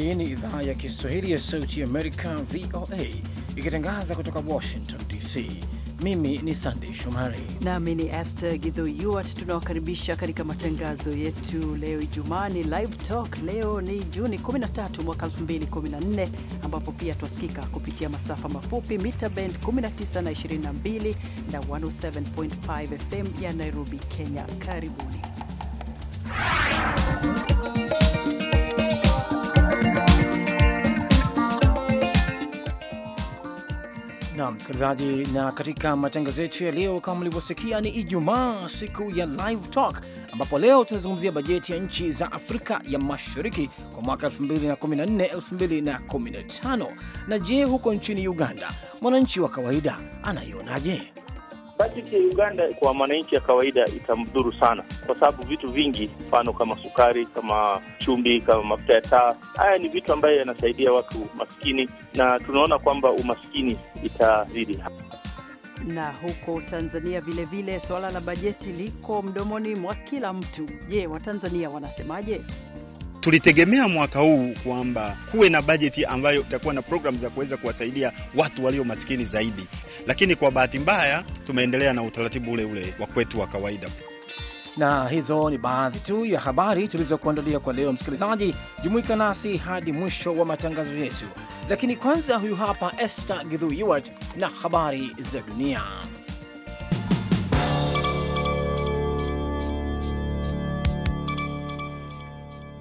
Hii ni idhaa ya Kiswahili ya Sauti Amerika, VOA, ikitangaza kutoka Washington DC. Mimi ni Sandey Shomari nami ni Aster Gidhoyuat. Tunawakaribisha katika matangazo yetu leo Ijumaa ni Live Talk. Leo ni Juni 13 mwaka 2014, ambapo pia twasikika kupitia masafa mafupi mita bend 19 na 22 na 107.5 FM ya Nairobi, Kenya. Karibuni. na msikilizaji, na katika matangazo yetu ya leo, kama mlivyosikia, ni Ijumaa, siku ya Live Talk, ambapo leo tunazungumzia bajeti ya nchi za Afrika ya Mashariki kwa mwaka 2014 2015. Na je, huko nchini Uganda mwananchi wa kawaida anaionaje? bajeti ya Uganda kwa mwananchi ya kawaida itamdhuru sana, kwa sababu vitu vingi, mfano kama sukari, kama chumvi, kama mafuta ya taa, haya ni vitu ambayo yanasaidia watu maskini, na tunaona kwamba umaskini itazidi na huko Tanzania vilevile, suala la bajeti liko mdomoni mwa kila mtu. Je, Watanzania wanasemaje? Tulitegemea mwaka huu kwamba kuwe na bajeti ambayo itakuwa na programu za kuweza kuwasaidia watu walio masikini zaidi, lakini kwa bahati mbaya tumeendelea na utaratibu ule ule wa kwetu wa kawaida. Na hizo ni baadhi tu ya habari tulizokuandalia kwa leo. Msikilizaji, jumuika nasi hadi mwisho wa matangazo yetu, lakini kwanza, huyu hapa Esther Githu Yuart na habari za dunia.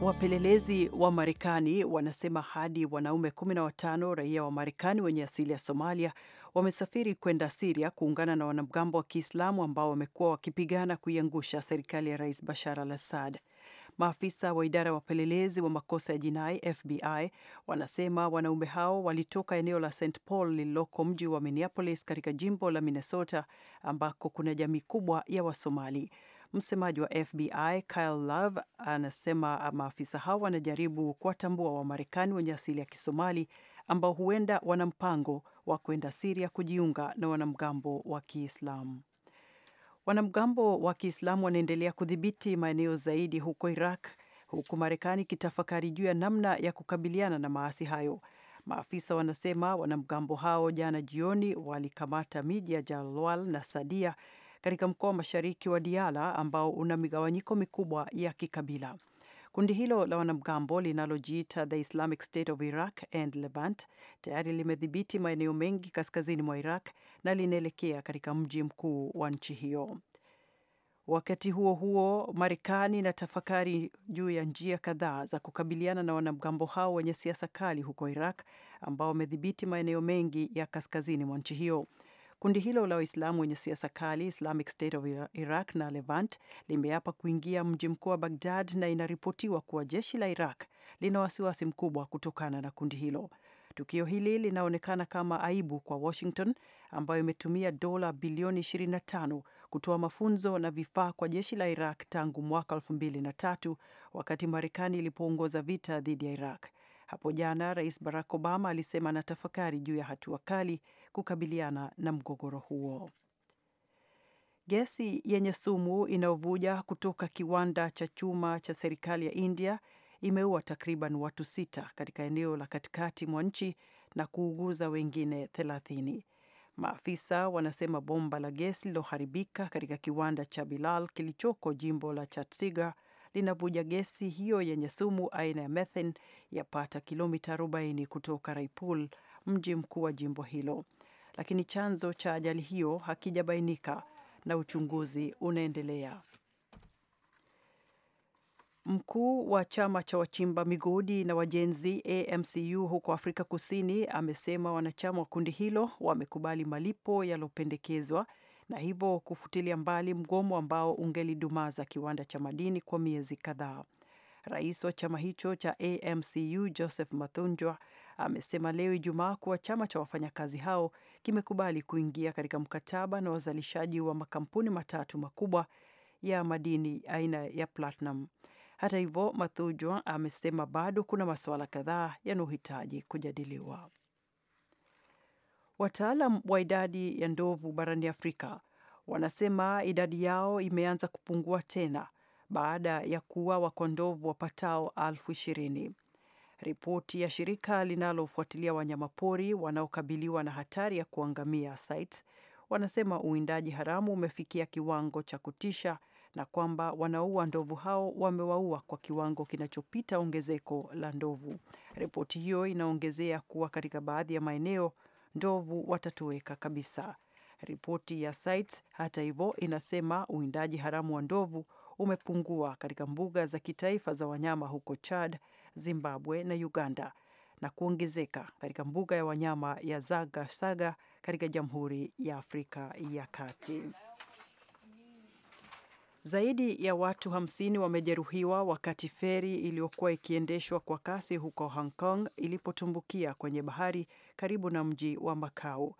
Wapelelezi wa Marekani wanasema hadi wanaume 15 raia wa Marekani wenye asili ya Somalia wamesafiri kwenda Siria kuungana na wanamgambo wa Kiislamu ambao wamekuwa wakipigana kuiangusha serikali ya Rais Bashar al Assad. Maafisa wa idara ya wapelelezi wa makosa ya jinai FBI wanasema wanaume hao walitoka eneo la St Paul lililoko mji wa Minneapolis katika jimbo la Minnesota ambako kuna jamii kubwa ya Wasomali. Msemaji wa FBI Kyle Love anasema maafisa hao wanajaribu kuwatambua Wamarekani wenye asili ya Kisomali ambao huenda wana mpango wa kwenda Siria kujiunga na wanamgambo wa Kiislamu. Wanamgambo wa Kiislamu wanaendelea kudhibiti maeneo zaidi huko Iraq, huku Marekani ikitafakari juu ya namna ya kukabiliana na maasi hayo. Maafisa wanasema wanamgambo hao jana jioni walikamata miji ya Jalwal na Sadia katika mkoa wa mashariki wa diala ambao una migawanyiko mikubwa ya kikabila. Kundi hilo la wanamgambo linalojiita The Islamic State of Iraq and Levant tayari limedhibiti maeneo mengi kaskazini mwa Iraq na linaelekea katika mji mkuu wa nchi hiyo. Wakati huo huo, Marekani na tafakari juu ya njia kadhaa za kukabiliana na wanamgambo hao wenye siasa kali huko Iraq ambao wamedhibiti maeneo mengi ya kaskazini mwa nchi hiyo. Kundi hilo la Waislamu wenye siasa kali Islamic State of Iraq na Levant limeapa kuingia mji mkuu wa Bagdad na inaripotiwa kuwa jeshi la Iraq lina wasiwasi mkubwa kutokana na kundi hilo. Tukio hili linaonekana kama aibu kwa Washington ambayo imetumia dola bilioni 25 kutoa mafunzo na vifaa kwa jeshi la Iraq tangu mwaka 2003 wakati Marekani ilipoongoza vita dhidi ya Iraq. Hapo jana Rais Barack Obama alisema anatafakari juu ya hatua kali kukabiliana na mgogoro huo. Gesi yenye sumu inayovuja kutoka kiwanda cha chuma cha serikali ya India imeua takriban watu sita katika eneo la katikati mwa nchi na kuuguza wengine thelathini. Maafisa wanasema bomba la gesi liloharibika katika kiwanda cha Bilal kilichoko jimbo la Chattisgarh linavuja gesi hiyo yenye sumu aina ya methane yapata kilomita 40 kutoka Raipur mji mkuu wa jimbo hilo, lakini chanzo cha ajali hiyo hakijabainika na uchunguzi unaendelea. Mkuu wa chama cha wachimba migodi na wajenzi AMCU huko Afrika Kusini amesema wanachama wa kundi hilo wamekubali malipo yaliyopendekezwa na hivyo kufutilia mbali mgomo ambao ungelidumaza kiwanda cha madini kwa miezi kadhaa. Rais wa chama hicho cha AMCU Joseph Mathunjwa amesema leo Ijumaa kuwa chama cha wafanyakazi hao kimekubali kuingia katika mkataba na wazalishaji wa makampuni matatu makubwa ya madini aina ya platinum. Hata hivyo, Mathunjwa amesema bado kuna masuala kadhaa yanayohitaji kujadiliwa. Wataalam wa idadi ya ndovu barani Afrika wanasema idadi yao imeanza kupungua tena baada ya kuuawa kwa ndovu wapatao elfu ishirini. Ripoti ya shirika linalofuatilia wanyamapori wanaokabiliwa na hatari ya kuangamia CITES wanasema uwindaji haramu umefikia kiwango cha kutisha na kwamba wanaua ndovu hao wamewaua kwa kiwango kinachopita ongezeko la ndovu. Ripoti hiyo inaongezea kuwa katika baadhi ya maeneo ndovu watatoweka kabisa. Ripoti ya CITES hata hivyo, inasema uwindaji haramu wa ndovu umepungua katika mbuga za kitaifa za wanyama huko Chad, Zimbabwe na Uganda na kuongezeka katika mbuga ya wanyama ya zaga saga katika Jamhuri ya Afrika ya Kati. Zaidi ya watu 50 wamejeruhiwa wakati feri iliyokuwa ikiendeshwa kwa kasi huko Hong Kong ilipotumbukia kwenye bahari karibu na mji wa Makau.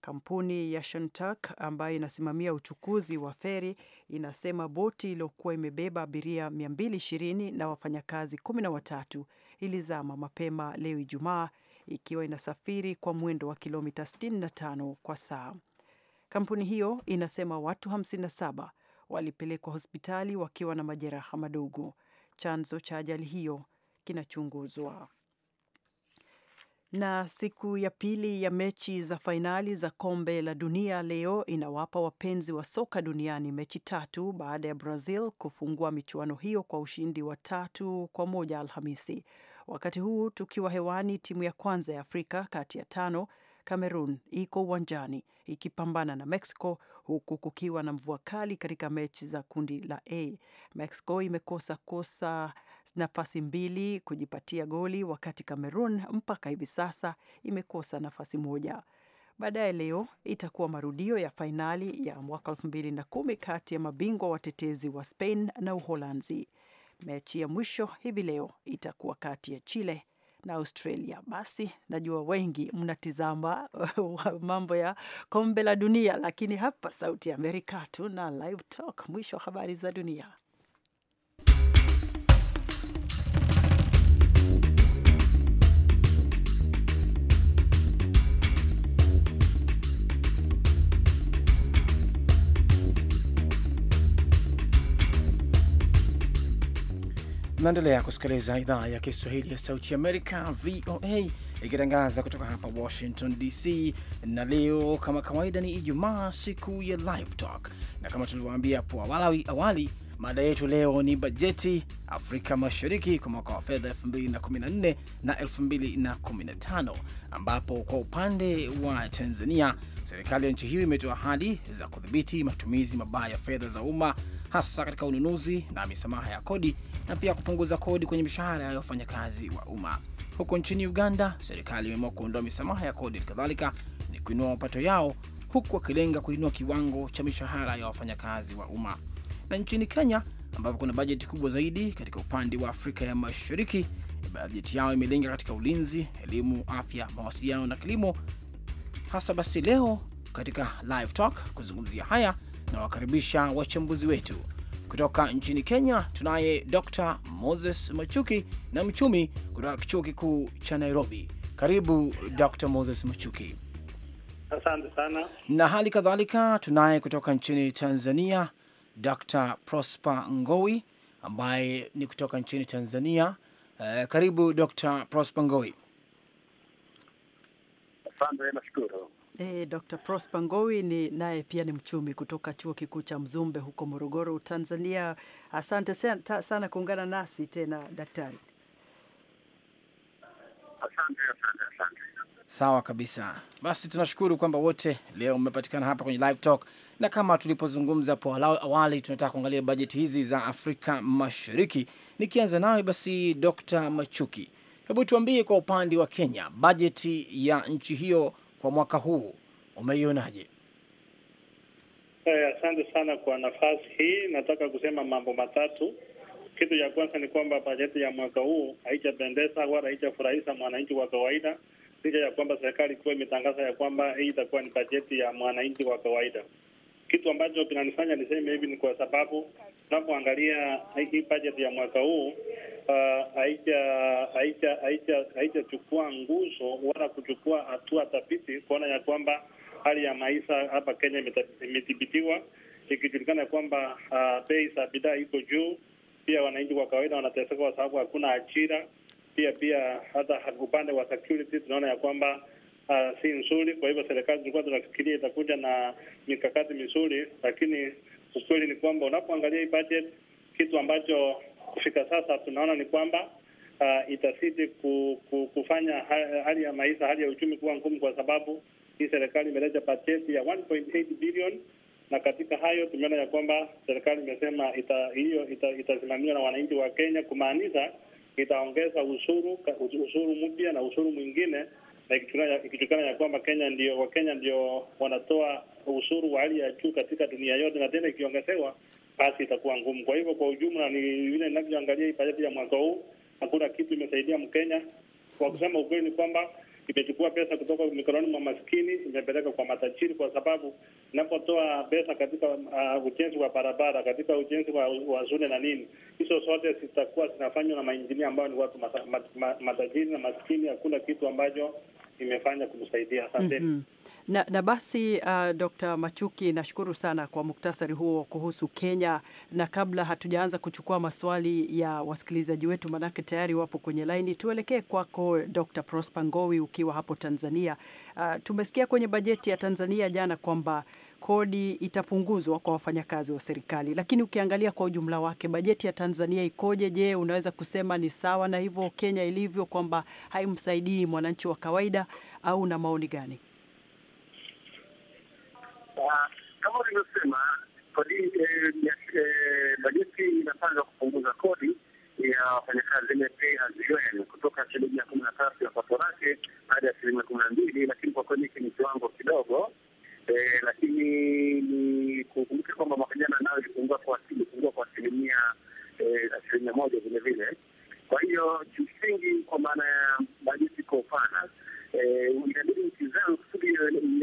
Kampuni ya Shantak ambayo inasimamia uchukuzi wa feri inasema boti iliyokuwa imebeba abiria 220 na wafanyakazi 13 ilizama mapema leo Ijumaa ikiwa inasafiri kwa mwendo wa kilomita 65 kwa saa. Kampuni hiyo inasema watu 57 walipelekwa hospitali wakiwa na majeraha madogo. Chanzo cha ajali hiyo kinachunguzwa. Na siku ya pili ya mechi za fainali za kombe la dunia leo inawapa wapenzi wa soka duniani mechi tatu baada ya Brazil kufungua michuano hiyo kwa ushindi wa tatu kwa moja Alhamisi. Wakati huu tukiwa hewani, timu ya kwanza ya Afrika kati ya tano Cameroon iko uwanjani ikipambana na Mexico huku kukiwa na mvua kali katika mechi za kundi la A. Mexico imekosa kosa nafasi mbili kujipatia goli, wakati Cameroon mpaka hivi sasa imekosa nafasi moja. Baadaye leo itakuwa marudio ya fainali ya mwaka kumi kati ya mabingwa watetezi wa Spain na Uholanzi. Mechi ya mwisho hivi leo itakuwa kati ya Chile na Australia. Basi najua wengi mnatizama mambo ya kombe la dunia, lakini hapa Sauti ya Amerika tuna live talk mwisho wa habari za dunia. Naendelea kusikiliza idhaa ya Kiswahili ya Sauti Amerika, VOA, ikitangaza kutoka hapa Washington DC. Na leo kama kawaida ni Ijumaa, siku ya Live Talk, na kama tulivyoambia hapo awali, mada yetu leo ni bajeti Afrika Mashariki kwa mwaka wa fedha 2014 na 2015, ambapo kwa upande wa Tanzania serikali ya nchi hiyo imetoa ahadi za kudhibiti matumizi mabaya ya fedha za umma hasa katika ununuzi na misamaha ya kodi na pia kupunguza kodi kwenye mishahara ya wafanyakazi wa umma. Huko nchini Uganda, serikali imeamua kuondoa misamaha ya kodi, kadhalika ni kuinua mapato yao, huku wakilenga kuinua kiwango cha mishahara ya wafanyakazi wa umma. Na nchini Kenya ambapo kuna bajeti kubwa zaidi katika upande wa Afrika ya Mashariki, bajeti yao imelenga katika ulinzi, elimu, afya, mawasiliano na kilimo. Hasa basi leo katika live talk kuzungumzia haya Nawakaribisha wachambuzi wetu kutoka nchini Kenya. Tunaye Dr Moses Machuki na mchumi kutoka kichuo kikuu cha Nairobi. Karibu Dr Moses Machuki. Asante sana. Na hali kadhalika tunaye kutoka nchini Tanzania Dr Prosper Ngowi ambaye ni kutoka nchini Tanzania. Uh, karibu Dr Prosper Ngowi. Asante, nashukuru. E, eh, Dr. Prosper Ngowi ni naye pia ni mchumi kutoka Chuo Kikuu cha Mzumbe huko Morogoro, Tanzania. Asante sana, sana kuungana nasi tena daktari. Asante, Sawa kabisa. Basi tunashukuru kwamba wote leo mmepatikana hapa kwenye live talk, na kama tulipozungumza hapo awali, tunataka kuangalia bajeti hizi za Afrika Mashariki. Nikianza nawe basi, Dr. Machuki, hebu tuambie kwa upande wa Kenya, bajeti ya nchi hiyo kwa mwaka huu umeionaje? Eh, asante sana kwa nafasi hii. Nataka kusema mambo matatu. Kitu cha kwanza ni kwamba bajeti ya mwaka huu haijapendeza wala haijafurahisha mwananchi wa kawaida, licha ya kwamba serikali kuwa imetangaza ya kwamba hii itakuwa ni bajeti ya mwananchi wa kawaida. Kitu ambacho kinanifanya niseme hivi ni kwa sababu tunapoangalia hii bajeti ya mwaka huu uh, haijachukua uh, nguzo wala kuchukua hatua tafiti kuona ya kwamba hali ya maisha hapa Kenya imedhibitiwa ikijulikana kwamba uh, bei za bidhaa iko juu. Pia wananchi kwa kawaida wanateseka kwa sababu hakuna ajira. Pia pia hata upande wa security tunaona ya kwamba uh, si nzuri. Kwa hivyo serikali tulikuwa tunafikiria itakuja na mikakati mizuri, lakini ukweli ni kwamba unapoangalia hii budget, kitu ambacho kufika sasa tunaona ni kwamba uh, itasidi ku, ku, kufanya hali ya maisha, hali ya uchumi kuwa ngumu, kwa sababu hii serikali imeleta bajeti ya 1.8 billion na katika hayo tumeona ya kwamba serikali imesema hiyo ita, itasimamiwa ita na wananchi wa Kenya, kumaanisha itaongeza ushuru ushuru mpya na ushuru mwingine na ikitokana ya kwamba Kenya ndio Wakenya ndio wanatoa ushuru wa hali ya juu katika dunia yote, na tena ikiongezewa, basi itakuwa ngumu. Kwa hivyo, kwa ujumla, ni vile ninavyoangalia hii bajeti ya mwaka huu, hakuna kitu imesaidia Mkenya. Kwa kusema ukweli, ni kwamba imechukua pesa kutoka mikononi mwa maskini imepeleka kwa matajiri, kwa sababu inapotoa pesa katika uh, ujenzi wa barabara, katika ujenzi wa, wa shule na nini, hizo zote zitakuwa zinafanywa na mainjinia ambao ni watu mata, mat, mat, matajiri na maskini. Hakuna kitu ambacho imefanya kumsaidia. Asanteni. mm -hmm. Na, na basi uh, Dr. Machuki nashukuru sana kwa muktasari huo kuhusu Kenya, na kabla hatujaanza kuchukua maswali ya wasikilizaji wetu, manake tayari wapo kwenye laini, tuelekee kwako Dr. Prosper Ngowi ukiwa hapo Tanzania. Uh, tumesikia kwenye bajeti ya Tanzania jana kwamba kodi itapunguzwa kwa wafanyakazi wa serikali, lakini ukiangalia kwa ujumla wake bajeti ya Tanzania ikoje? Je, unaweza kusema ni sawa na hivyo Kenya ilivyo kwamba haimsaidii mwananchi wa kawaida au na maoni gani? kama ulivyosema, eh, eh, bajeti inapanga kupunguza kodi ya wafanyakazi NPA kutoka asilimia kumi na tatu ya pato lake hadi asilimia kumi na mbili lakini kwa kweli hiki ni kiwango kidogo, eh, lakini ni kukumbuka kwamba mwaka jana nayo ilipungua kwa asilimia asilimia moja vilevile. Kwa hiyo kimsingi, kwa maana ya bajeti kwa upana inabidi eh, utizame kusudi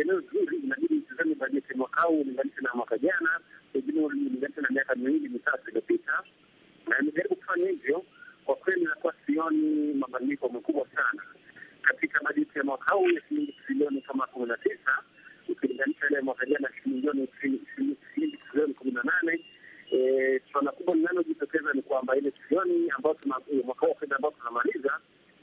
eneo zuri, inabidi utizame bajeti mwaka huu ulinganisha na mwaka jana, pengine ulinganisha na miaka miwili mitatu iliyopita, na imejaribu kufanya hivyo. Kwa kweli nakuwa sioni mabadiliko makubwa sana katika bajeti ya mwaka huu ya shilingi trilioni kama kumi na tisa ukilinganisha ile mwaka jana shilingi trilioni kumi na nane. Eh, Suala kubwa linalojitokeza ni kwamba ile trilioni ambayo mwaka huu wa fedha ambao tunamaliza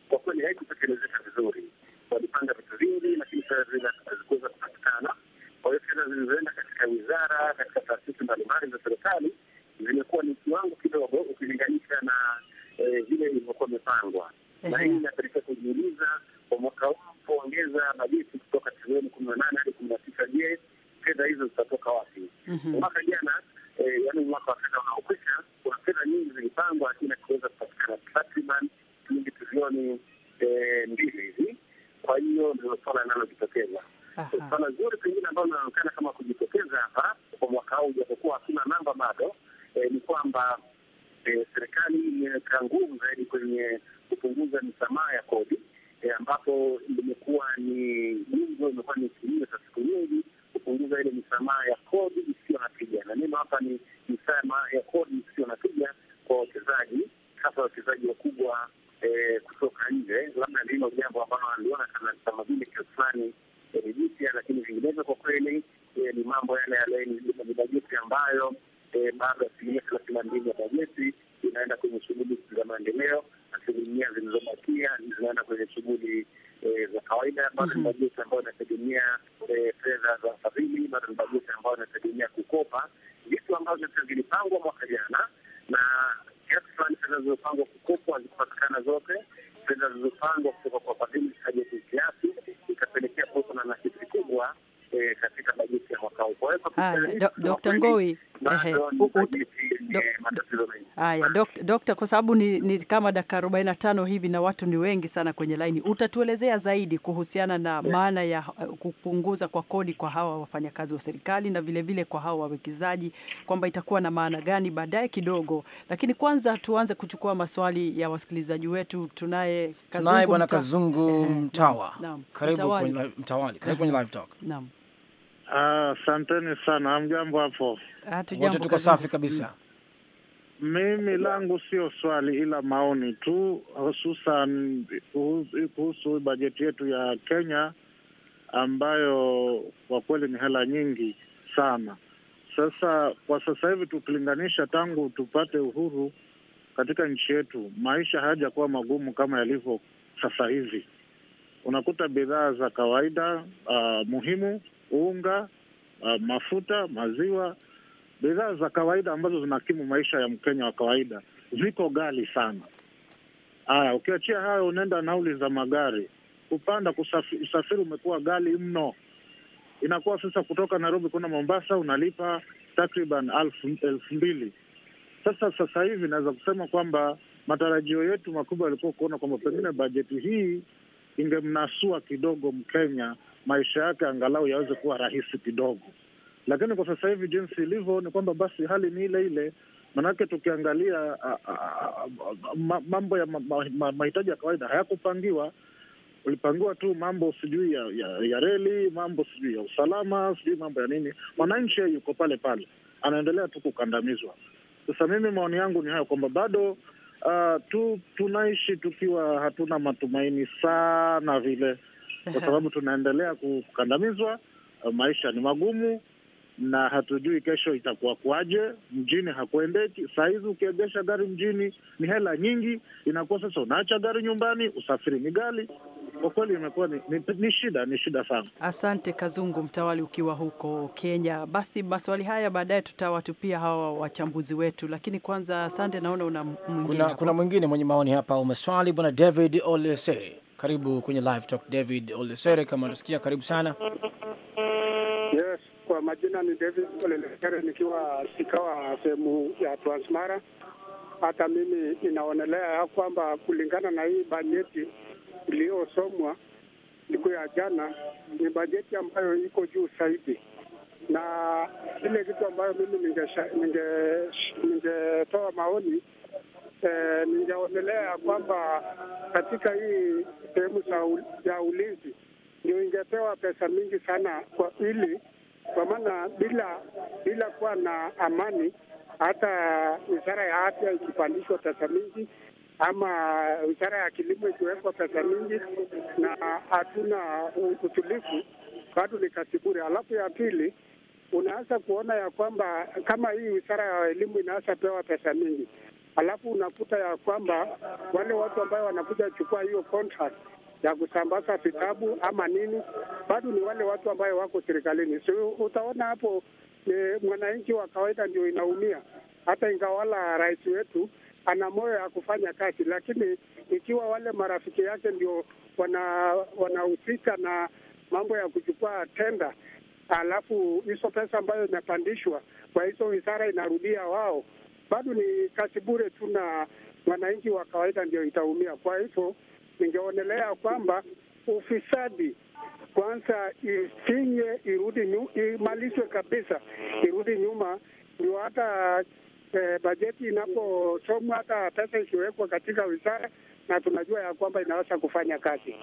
kwa kweli haikutekelezeka vizuri walipanga vitu vingi, lakini fedha zile hazikuweza kupatikana. Kwa hiyo fedha zilizoenda katika wizara, katika taasisi mbalimbali za serikali zimekuwa ni kiwango kidogo ukilinganisha na eh, vile ilivyokuwa imepangwa, na hii inapelekea kujiuliza kwa mwaka huu kuongeza bajeti kutoka trilioni kumi na nane hadi kumi na tisa. Je, fedha hizo zitatoka wapi? Mhm. Mwaka jana Dokta, kwa sababu ni, ni kama dakika 45 hivi na watu ni wengi sana kwenye laini, utatuelezea zaidi kuhusiana na maana ya uh, kupunguza kwa kodi kwa hawa wafanyakazi wa serikali na vilevile vile kwa hawa wawekezaji kwamba itakuwa na maana gani baadaye kidogo, lakini kwanza tuanze kuchukua maswali ya wasikilizaji wetu. Tunaye Kazungu, bwana Kazungu eh, eh, Mtawa, karibu kwenye Mtawali, karibu kwenye live talk. Naam, ah, asanteni sana. Hamjambo hapo? Hatujambo, tuko safi kabisa. Mimi langu sio swali, ila maoni tu, hususan kuhusu bajeti yetu ya Kenya ambayo kwa kweli ni hela nyingi sana. Sasa kwa sasa hivi tukilinganisha tangu tupate uhuru katika nchi yetu, maisha hayajakuwa magumu kama yalivyo sasa hivi. Unakuta bidhaa za kawaida uh, muhimu, unga uh, mafuta, maziwa bidhaa za kawaida ambazo zinakimu maisha ya Mkenya wa kawaida ziko gali sana. Haya, ukiachia hayo, unaenda nauli za magari kupanda, usafiri umekuwa gali mno. Inakuwa sasa kutoka Nairobi kuna Mombasa unalipa takriban elfu mbili. Sasa sasa hivi naweza kusema kwamba matarajio yetu makubwa yalikuwa kuona kwamba pengine bajeti hii ingemnasua kidogo Mkenya, maisha yake angalau yaweze kuwa rahisi kidogo. Lakini kwa sasa hivi jinsi ilivyo ni kwamba basi hali ni ile ile, manake tukiangalia mambo ya mahitaji ya kawaida hayakupangiwa ulipangiwa tu mambo sijui ya, ya, ya reli, mambo sijui ya usalama, sijui mambo ya nini. Mwananchi yuko pale pale, anaendelea tu kukandamizwa. Sasa mimi maoni yangu ni hayo kwamba bado uh, tu tunaishi tukiwa hatuna matumaini sana vile, kwa sababu tunaendelea kukandamizwa. Uh, maisha ni magumu na hatujui kesho itakuwa kwaje. Mjini hakuendeki sahizi, ukiegesha gari mjini ni hela nyingi, inakuwa sasa unaacha gari nyumbani, usafiri ni gali. Kwa kweli imekuwa ni, ni, ni shida, ni shida sana. Asante Kazungu Mtawali, ukiwa huko Kenya. Basi maswali haya baadaye tutawatupia hawa wachambuzi wetu, lakini kwanza, asante. Naona una mwingine, kuna, kuna mwingine mwenye maoni hapa, umeswali bwana David Olesere. Karibu kwenye Live Talk, David Olesere, kama unasikia, karibu sana kwa majina ni David Olelekere, nikiwa sikawa sehemu ya Transmara. Hata mimi inaonelea ya kwamba kulingana na hii bajeti iliyosomwa siku ya jana, ni bajeti ambayo iko juu zaidi, na ile kitu ambayo mimi ningetoa ninge, ninge maoni eh, ningeonelea ya kwamba katika hii sehemu ya ulinzi ndio ingepewa pesa mingi sana kwa ili kwa maana bila bila kuwa na amani, hata wizara ya afya ikipandishwa pesa mingi ama wizara ya kilimo ikiwekwa pesa mingi na hatuna utulivu, bado ni kazi bure. Alafu ya pili, unaanza kuona ya kwamba kama hii wizara ya elimu inaanza pewa pesa mingi, alafu unakuta ya kwamba wale watu ambao wanakuja chukua hiyo contract ya kusambaza vitabu ama nini, bado ni wale watu ambayo wako serikalini. So utaona hapo e, mwananchi wa kawaida ndio inaumia, hata ingawala rais wetu ana moyo ya kufanya kazi, lakini ikiwa wale marafiki yake ndio wanahusika wana na mambo ya kuchukua tenda, alafu hizo pesa ambayo inapandishwa kwa hizo wizara inarudia wao, bado ni kazi bure tu, na mwananchi wa kawaida ndio itaumia. Kwa hivyo ningeonelea kwamba ufisadi kwanza ifinye, irudi nyu, imalizwe kabisa, irudi nyuma, ndio hata eh, bajeti inaposomwa hata pesa ikiwekwa katika wizara na tunajua ya kwamba inaweza kufanya kazi.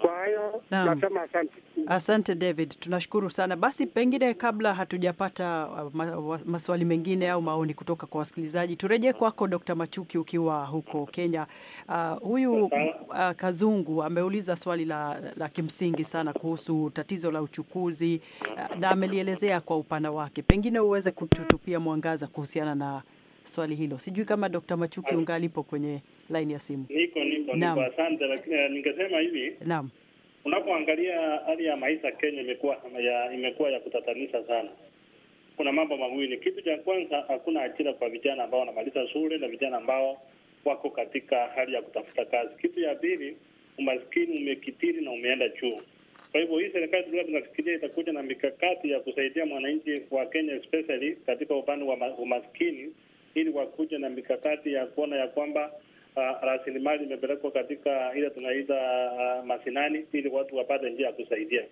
Kwa hiyo nasema asante, asante David, tunashukuru sana. Basi pengine kabla hatujapata uh, maswali mengine au maoni kutoka kwa wasikilizaji, turejee kwako Dr. Machuki ukiwa huko Kenya. Uh, huyu uh, Kazungu ameuliza swali la, la kimsingi sana kuhusu tatizo la uchukuzi uh, na amelielezea kwa upana wake, pengine uweze kututupia mwangaza kuhusiana na swali hilo. Sijui kama Dr. Machuki ungalipo kwenye line ya simu. Niko niko, niko asante, lakini eh, ningesema hivi. Naam. Unapoangalia hali ya maisha Kenya imekuwa ya imekuwa ya kutatanisha sana. Kuna mambo mawili. Kitu cha kwanza, hakuna ajira kwa vijana ambao wanamaliza shule na vijana ambao wako katika hali ya kutafuta kazi. Kitu ya pili, umaskini umekitiri na umeenda juu. Kwa hivyo hii serikali tulikuwa tunafikiria itakuja na mikakati ya kusaidia mwananchi wa Kenya especially katika upande wa umaskini ili wakuja na mikakati ya kuona ya kwamba uh, rasilimali imepelekwa katika ile tunaita uh, masinani ili watu wapate njia ya kusaidia.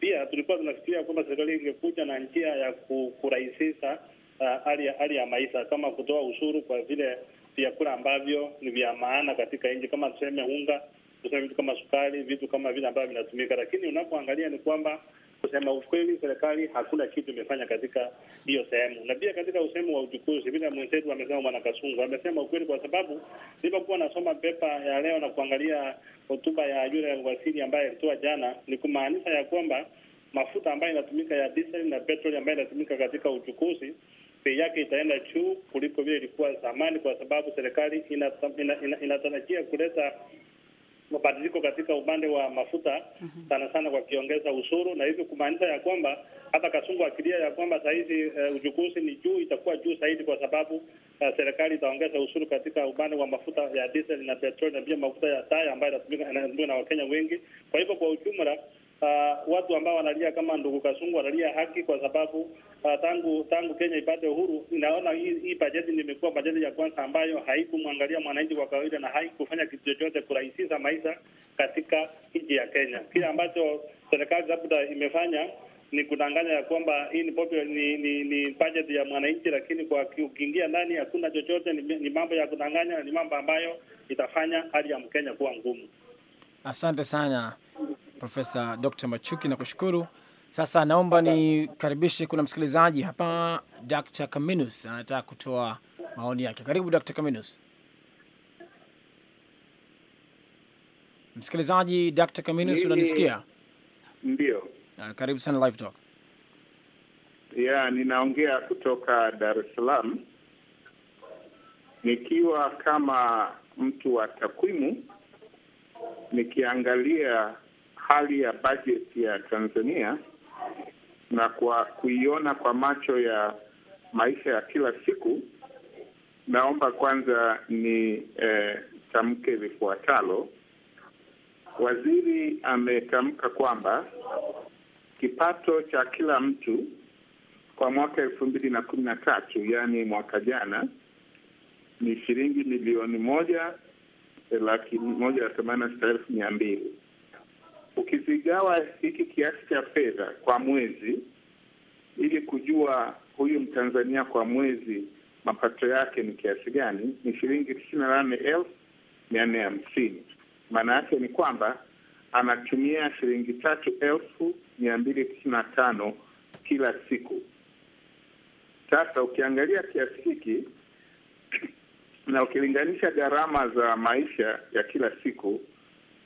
Pia tulikuwa tunafikiria kwamba serikali ingekuja na njia ya kurahisisha ah, hali uh, ya maisha kama kutoa ushuru kwa vile vyakula ambavyo ni vya maana katika nchi, kama tuseme unga, tuseme vitu kama sukari, vitu kama vile ambavyo vinatumika, lakini unapoangalia ni kwamba Kusema ukweli, serikali hakuna kitu imefanya katika hiyo sehemu. Na pia katika usehemu wa uchukuzi, vile mwenzetu amesema, Bwana Kasungu amesema ukweli, kwa sababu nilipokuwa nasoma pepa ya leo na kuangalia hotuba ya yule waziri ambaye alitoa jana, ni kumaanisha ya kwamba mafuta ambayo inatumika ya diesel na petroli ambayo inatumika katika uchukuzi bei yake itaenda juu kuliko vile ilikuwa zamani, kwa sababu serikali inatarajia ina, ina, ina kuleta mabadiliko katika upande wa mafuta mhm. sana sana, kwa kiongeza ushuru na hivyo kumaanisha ya kwamba hata Kasungu akilia ya kwamba sahizi uh, eh, uchukuzi ni juu, itakuwa juu zaidi kwa sababu uh, serikali itaongeza ushuru katika upande wa mafuta ya diesel na petroli na pia mafuta ya taa ambayo yanatumika na Wakenya wengi. Kwa hivyo kwa ujumla uh, watu ambao wanalia kama ndugu Kasungu wanalia haki, kwa sababu uh, tangu tangu Kenya ipate uhuru, inaona hii, hii bajeti nimekuwa bajeti ya kwanza ambayo haikumwangalia mwananchi kwa kawaida na haikufanya kitu chochote kurahisisha maisha katika nchi ya Kenya. Kile ambacho serikali labda imefanya ni kudanganya ya kwamba hii ni popular, ni, ni, ni budget ya mwananchi, lakini kwa ukiingia ndani hakuna chochote. Ni, ni mambo ya kudanganya, ni mambo ambayo itafanya hali ya Mkenya kuwa ngumu. Asante sana. Profesa Dr. Machuki, na kushukuru Sasa naomba nikaribishe, kuna msikilizaji hapa, Dr. Kaminus anataka kutoa maoni yake. Karibu Dr. Kaminus. Msikilizaji Dr. Kaminus, unanisikia? Ndio. Ah, karibu sana Live Talk. Ya, ninaongea kutoka Dar es Salaam nikiwa kama mtu wa takwimu nikiangalia hali ya bajeti ya Tanzania na kwa kuiona kwa macho ya maisha ya kila siku, naomba kwanza ni eh, tamke vifuatalo. Waziri ametamka kwamba kipato cha kila mtu kwa mwaka elfu mbili na kumi na tatu yaani mwaka jana ni shilingi milioni moja laki moja themanini na sita elfu mia mbili ukizigawa hiki kiasi cha fedha kwa mwezi, ili kujua huyu Mtanzania kwa mwezi mapato yake ni kiasi gani, ni shilingi tisini na nane elfu mia nne hamsini. Maana yake ni kwamba anatumia shilingi tatu elfu mia mbili tisini na tano kila siku. Sasa ukiangalia kiasi hiki na ukilinganisha gharama za maisha ya kila siku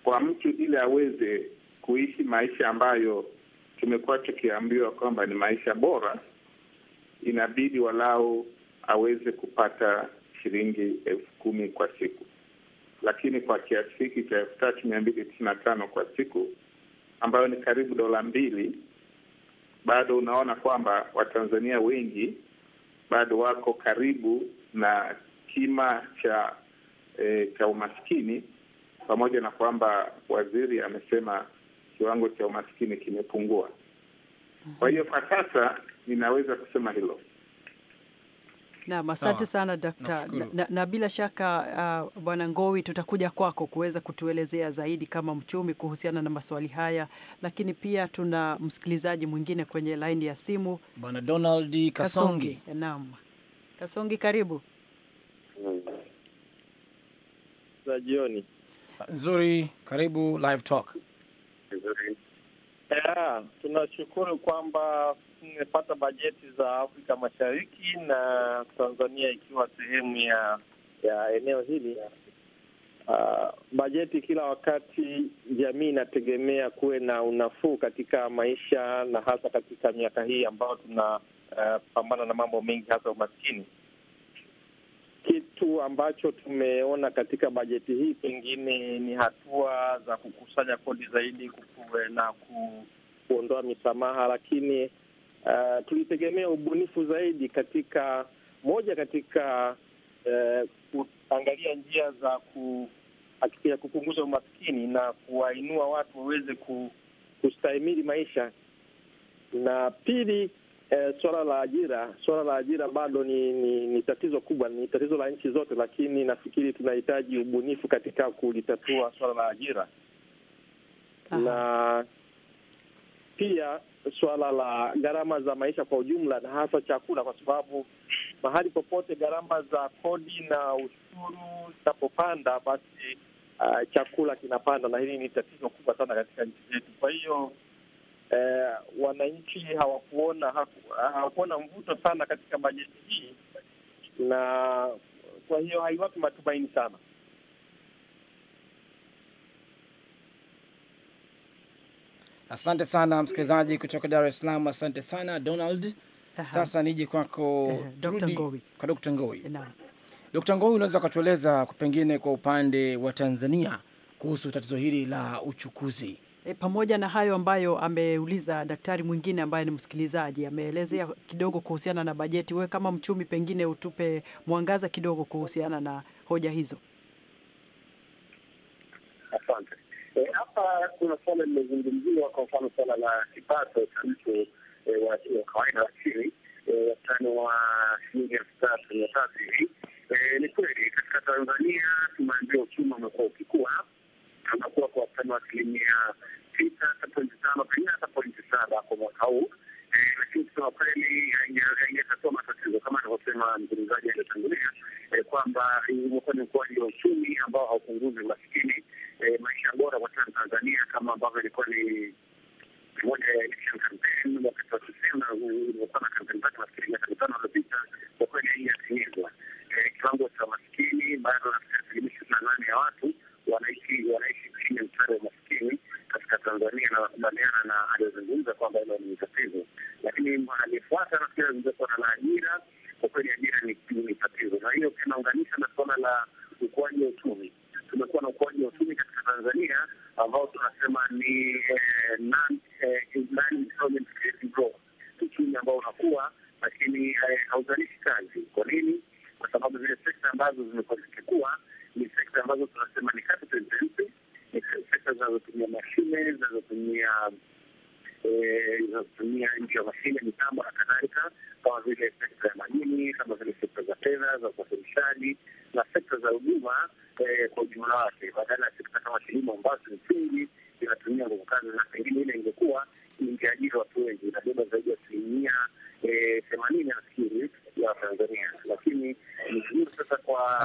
kwa mtu ili aweze kuishi maisha ambayo tumekuwa tukiambiwa kwamba ni maisha bora, inabidi walau aweze kupata shilingi elfu kumi kwa siku, lakini kwa kiasi hiki cha elfu tatu mia mbili tisini na tano kwa siku ambayo ni karibu dola mbili, bado unaona kwamba Watanzania wengi bado wako karibu na kima cha e, cha umaskini pamoja na kwamba waziri amesema kiwango cha umaskini kimepungua. Kwa hiyo kwa sasa ninaweza kusema hilo. Naam, asante sana Dakta na, na, na bila shaka uh, Bwana Ngowi, tutakuja kwako kuweza kutuelezea zaidi kama mchumi kuhusiana na maswali haya, lakini pia tuna msikilizaji mwingine kwenye laini ya simu, Bwana Donald Kasongi. Naam, Kasongi, karibu za jioni. Nzuri, karibu live talk. Yeah, tunashukuru kwamba tumepata bajeti za Afrika Mashariki na Tanzania ikiwa sehemu ya ya eneo hili. Uh, bajeti kila wakati jamii inategemea kuwe na unafuu katika maisha na hasa katika miaka hii ambayo tunapambana eh, uh, na mambo mengi hasa umaskini kitu ambacho tumeona katika bajeti hii pengine ni hatua za kukusanya kodi zaidi kukuwe na ku, kuondoa misamaha, lakini uh, tulitegemea ubunifu zaidi katika moja katika uh, kuangalia njia za ku, kupunguza umaskini na kuwainua watu waweze kustahimili maisha, na pili Eh, swala la ajira, swala la ajira bado ni, ni ni tatizo kubwa, ni tatizo la nchi zote, lakini nafikiri tunahitaji ubunifu katika kulitatua swala la ajira. Aha. na pia swala la gharama za maisha kwa ujumla na hasa chakula, kwa sababu mahali popote gharama za kodi na ushuru zinapopanda, basi uh, chakula kinapanda, na hili ni tatizo kubwa sana katika nchi zetu. Kwa hiyo eh, wananchi hawakuona hawakuona mvuto sana katika bajeti hii, na kwa hiyo haiwapi matumaini sana. Asante sana msikilizaji kutoka Dar es Salaam. Asante sana Donald. Aha. Sasa nije kwako kwa Dr. Ngowi. Dr. Ngowi, unaweza ukatueleza pengine kwa upande wa Tanzania kuhusu tatizo hili la uchukuzi E, pamoja na hayo ambayo ameuliza daktari mwingine ambaye ni msikilizaji ameelezea kidogo kuhusiana na bajeti, wewe kama mchumi, pengine utupe mwangaza kidogo kuhusiana na hoja hizo. Asante. E, hapa kuna suala limezungumziwa, kwa mfano suala la kipato cha mtu e, wa kawaida wa chini, e, wastani wa shilingi elfu tatu mia tatu hivi. Ni kweli katika Tanzania tumeambia uchumi umekuwa ukikua anakuwa kwa wastani wa asilimia sita hata pointi tano pengine hata pointi saba kwa mwaka huu, e, lakini kusema kweli haijatatua matatizo kama anavyosema mzungumzaji aliyotangulia e, kwamba umekuwa ni ukuaji wa uchumi ambao haupunguzi umaskini, e, maisha bora kwa Tanzania kama ambavyo ilikuwa ni moja ya election campaign wakati wa tisini na ulivyokuwa na kampeni zake nafikiri miaka mitano aliopita kwa kweli hii Kiwango cha maskini bado nafikiri asilimia ishirini na nane ya watu wanaishi wanaishi chini ya mstari wa maskini katika Tanzania, na wakubaliana na aliyozungumza kwamba hilo ni tatizo, lakini aliyefuata nafikiri azungumza suala la ajira. Kwa kweli ajira ni tatizo, na hiyo kinaunganisha na suala la ukuaji wa uchumi. Tumekuwa na ukuaji wa uchumi katika Tanzania ambao tunasema ni eh, eh, uchumi ambao unakuwa, lakini eh, hauzalishi kazi. Kwa nini? Kwa sababu zile sekta ambazo zimekuwa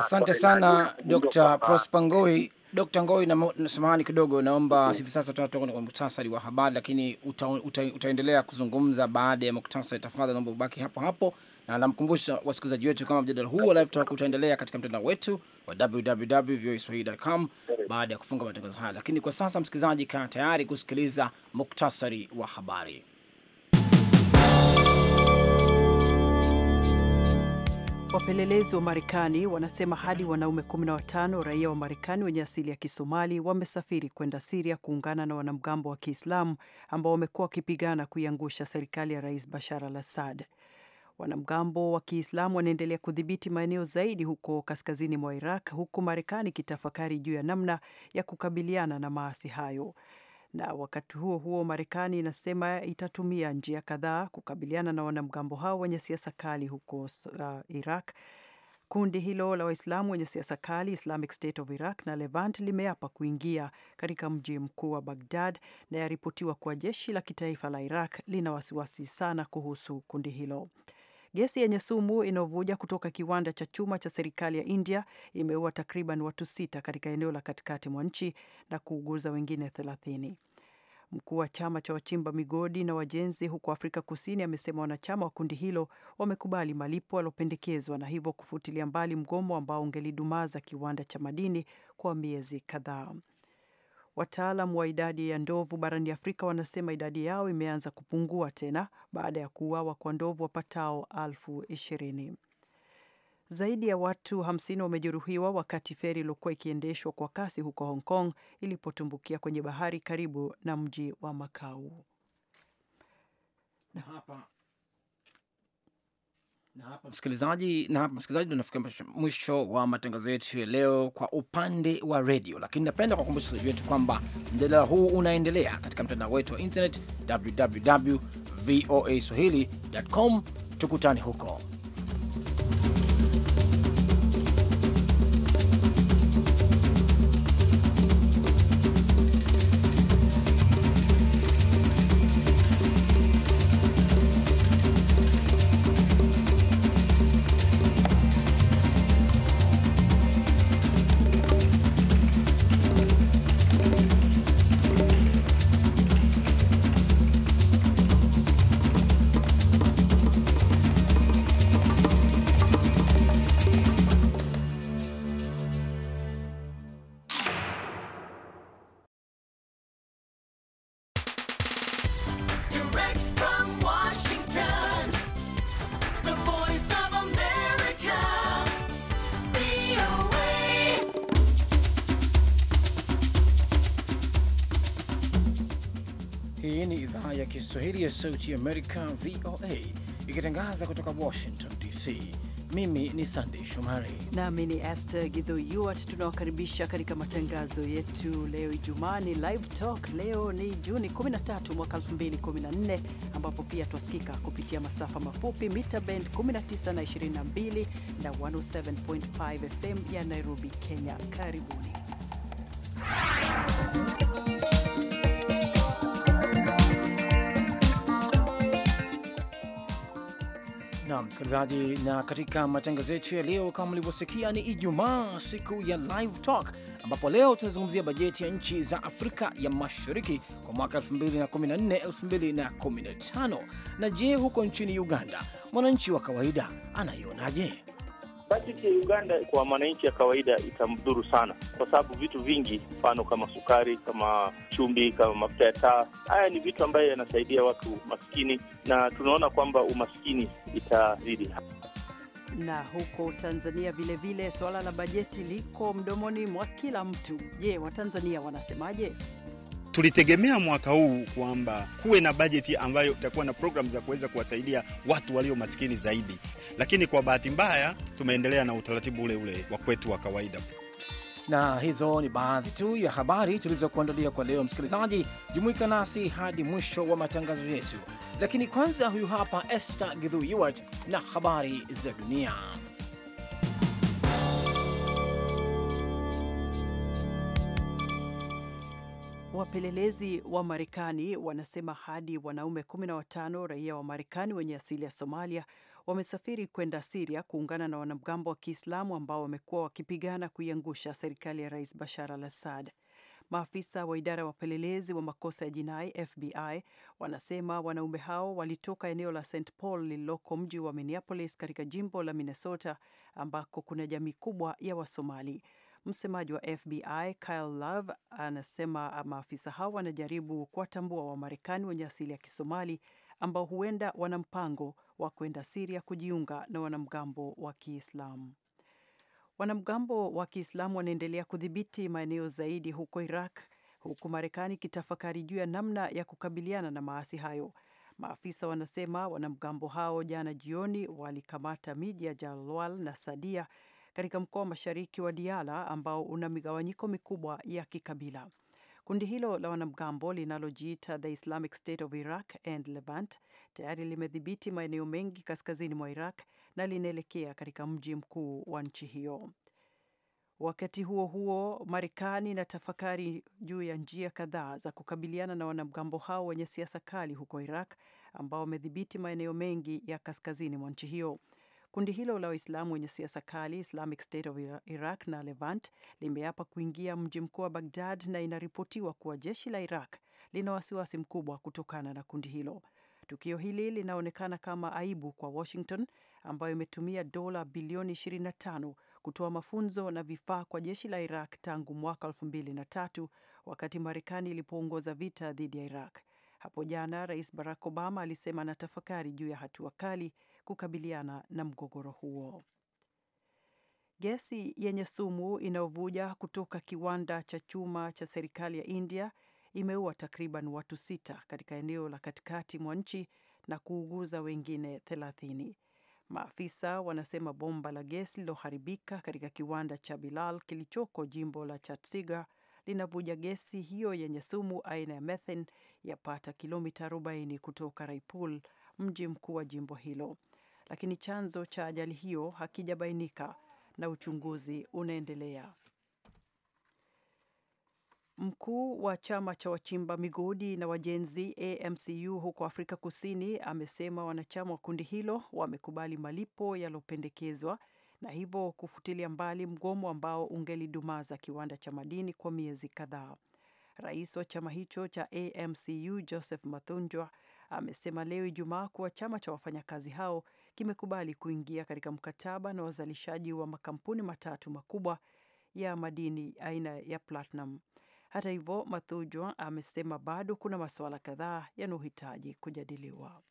Asante sana Dr. Prosper Ngoi. Dr. Ngoi, na samahani kidogo, naomba hivi sasa tunatoka kwenye muktasari wa habari, lakini uta, uta, utaendelea kuzungumza baada ya muktasari. Tafadhali naomba ubaki hapo hapo, na namkumbusha wasikilizaji wetu kama mjadala huu wa live talk utaendelea katika mtandao wetu wa www.voaswahili.com baada ya kufunga matangazo haya. Lakini kwa sasa, msikilizaji, kaa tayari kusikiliza muktasari wa habari. Wapelelezi wa Marekani wanasema hadi wanaume 15 raia wa Marekani wenye asili ya Kisomali wamesafiri kwenda Siria kuungana na wanamgambo wa Kiislamu ambao wamekuwa wakipigana kuiangusha serikali ya Rais Bashar al Assad. Wanamgambo wa Kiislamu wanaendelea kudhibiti maeneo zaidi huko kaskazini mwa Iraq, huku Marekani ikitafakari juu ya namna ya kukabiliana na maasi hayo na wakati huo huo Marekani inasema itatumia njia kadhaa kukabiliana na wanamgambo hao wenye siasa kali huko uh, Iraq. Kundi hilo la Waislamu wenye siasa kali Islamic State of Iraq na Levant limeapa kuingia katika mji mkuu wa bagdad na yaripotiwa kuwa jeshi la kitaifa la Iraq lina wasiwasi sana kuhusu kundi hilo. Gesi yenye sumu inayovuja kutoka kiwanda cha chuma cha serikali ya India imeua takriban watu sita katika eneo la katikati mwa nchi na kuuguza wengine thelathini. Mkuu wa chama cha wachimba migodi na wajenzi huko Afrika Kusini amesema wanachama wa kundi hilo wamekubali malipo yaliopendekezwa na hivyo kufutilia mbali mgomo ambao ungelidumaza kiwanda cha madini kwa miezi kadhaa. Wataalam wa idadi ya ndovu barani Afrika wanasema idadi yao imeanza kupungua tena baada ya kuuawa kwa ndovu wapatao elfu ishirini. Zaidi ya watu 50 wamejeruhiwa wakati feri iliokuwa ikiendeshwa kwa kasi huko Hong Kong ilipotumbukia kwenye bahari karibu na mji wa Makau. Na hapa na hapa msikilizaji, na hapa msikilizaji, tunafikia mwisho wa matangazo yetu ya leo kwa upande wa redio, lakini napenda kwa kukumbusha wasikilizaji wetu kwamba mjadala huu unaendelea katika mtandao wetu wa internet www voa swahili.com. Tukutane huko. Hii ni idhaa ya Kiswahili ya Sauti Amerika, VOA, ikitangaza kutoka Washington DC. Mimi ni Sandey Shomari nami ni Aster Gidhoyuat. Tunawakaribisha katika matangazo yetu leo Ijumaa ni Live Talk. Leo ni Juni 13 mwaka 2014, ambapo pia twasikika kupitia masafa mafupi mita bend 19 na 22 na 107.5 FM ya Nairobi, Kenya. Karibuni na msikilizaji, na katika matangazo yetu ya leo, kama mlivyosikia, ni Ijumaa, siku ya Live Talk, ambapo leo tunazungumzia bajeti ya nchi za Afrika ya Mashariki kwa mwaka 2014 2015. Na je, huko nchini Uganda mwananchi wa kawaida anaionaje? bajeti ya Uganda kwa mwananchi ya kawaida itamdhuru sana, kwa sababu vitu vingi, mfano kama sukari, kama chumvi, kama mafuta ya taa, haya ni vitu ambayo yanasaidia watu maskini, na tunaona kwamba umaskini itazidi na huko Tanzania vilevile, suala la bajeti liko mdomoni mwa kila mtu. Je, Watanzania wanasemaje? Tulitegemea mwaka huu kwamba kuwe na bajeti ambayo itakuwa na programu za kuweza kuwasaidia watu walio masikini zaidi, lakini kwa bahati mbaya tumeendelea na utaratibu ule ule wa kwetu wa kawaida. Na hizo ni baadhi tu ya habari tulizokuandalia kwa leo. Msikilizaji, jumuika nasi hadi mwisho wa matangazo yetu, lakini kwanza, huyu hapa Esther Githu Yuart na habari za dunia. Wapelelezi wa Marekani wanasema hadi wanaume 15 raia wa Marekani wenye asili ya Somalia wamesafiri kwenda Siria kuungana na wanamgambo wa Kiislamu ambao wamekuwa wakipigana kuiangusha serikali ya Rais Bashar al Assad. Maafisa wa idara ya wapelelezi wa makosa ya jinai FBI wanasema wanaume hao walitoka eneo la St Paul lililoko mji wa Minneapolis katika jimbo la Minnesota ambako kuna jamii kubwa ya Wasomali. Msemaji wa FBI Kyle Love anasema maafisa hao wanajaribu kuwatambua Wamarekani wenye asili ya Kisomali ambao huenda wana mpango wa kwenda Siria kujiunga na wanamgambo wa Kiislamu. Wanamgambo wa Kiislamu wanaendelea kudhibiti maeneo zaidi huko Iraq, huku Marekani ikitafakari juu ya namna ya kukabiliana na maasi hayo. Maafisa wanasema wanamgambo hao jana jioni walikamata miji ya Jalwal na Sadia katika mkoa wa mashariki wa diala ambao una migawanyiko mikubwa ya kikabila. Kundi hilo la wanamgambo linalojiita The Islamic State of Iraq and Levant tayari limedhibiti maeneo mengi kaskazini mwa Iraq na linaelekea katika mji mkuu wa nchi hiyo. Wakati huo huo, Marekani na tafakari juu ya njia kadhaa za kukabiliana na wanamgambo hao wenye siasa kali huko Iraq ambao wamedhibiti maeneo mengi ya kaskazini mwa nchi hiyo. Kundi hilo la Waislamu wenye siasa kali Islamic State of Iraq na Levant limeapa kuingia mji mkuu wa bagdad na inaripotiwa kuwa jeshi la Iraq lina wasiwasi mkubwa kutokana na kundi hilo. Tukio hili linaonekana kama aibu kwa Washington ambayo imetumia dola bilioni 25 kutoa mafunzo na vifaa kwa jeshi la Iraq tangu mwaka 2003 wakati Marekani ilipoongoza vita dhidi ya Iraq. Hapo jana Rais Barack Obama alisema anatafakari juu ya hatua kali kukabiliana na mgogoro huo. Gesi yenye sumu inayovuja kutoka kiwanda cha chuma cha serikali ya India imeua takriban watu sita katika eneo la katikati mwa nchi na kuuguza wengine thelathini. Maafisa wanasema bomba la gesi liloharibika katika kiwanda cha Bilal kilichoko jimbo la Chatsiga linavuja gesi hiyo yenye sumu aina ya methane yapata kilomita 40 kutoka Raipul, mji mkuu wa jimbo hilo lakini chanzo cha ajali hiyo hakijabainika na uchunguzi unaendelea. Mkuu wa chama cha wachimba migodi na wajenzi AMCU huko Afrika Kusini amesema wanachama wa kundi hilo wamekubali malipo yaliyopendekezwa na hivyo kufutilia mbali mgomo ambao ungelidumaza kiwanda cha madini kwa miezi kadhaa. Rais wa chama hicho cha AMCU Joseph Mathunjwa amesema leo Ijumaa kuwa chama cha wafanyakazi hao kimekubali kuingia katika mkataba na wazalishaji wa makampuni matatu makubwa ya madini aina ya platinum. Hata hivyo, Mathujwa amesema bado kuna masuala kadhaa yanayohitaji kujadiliwa.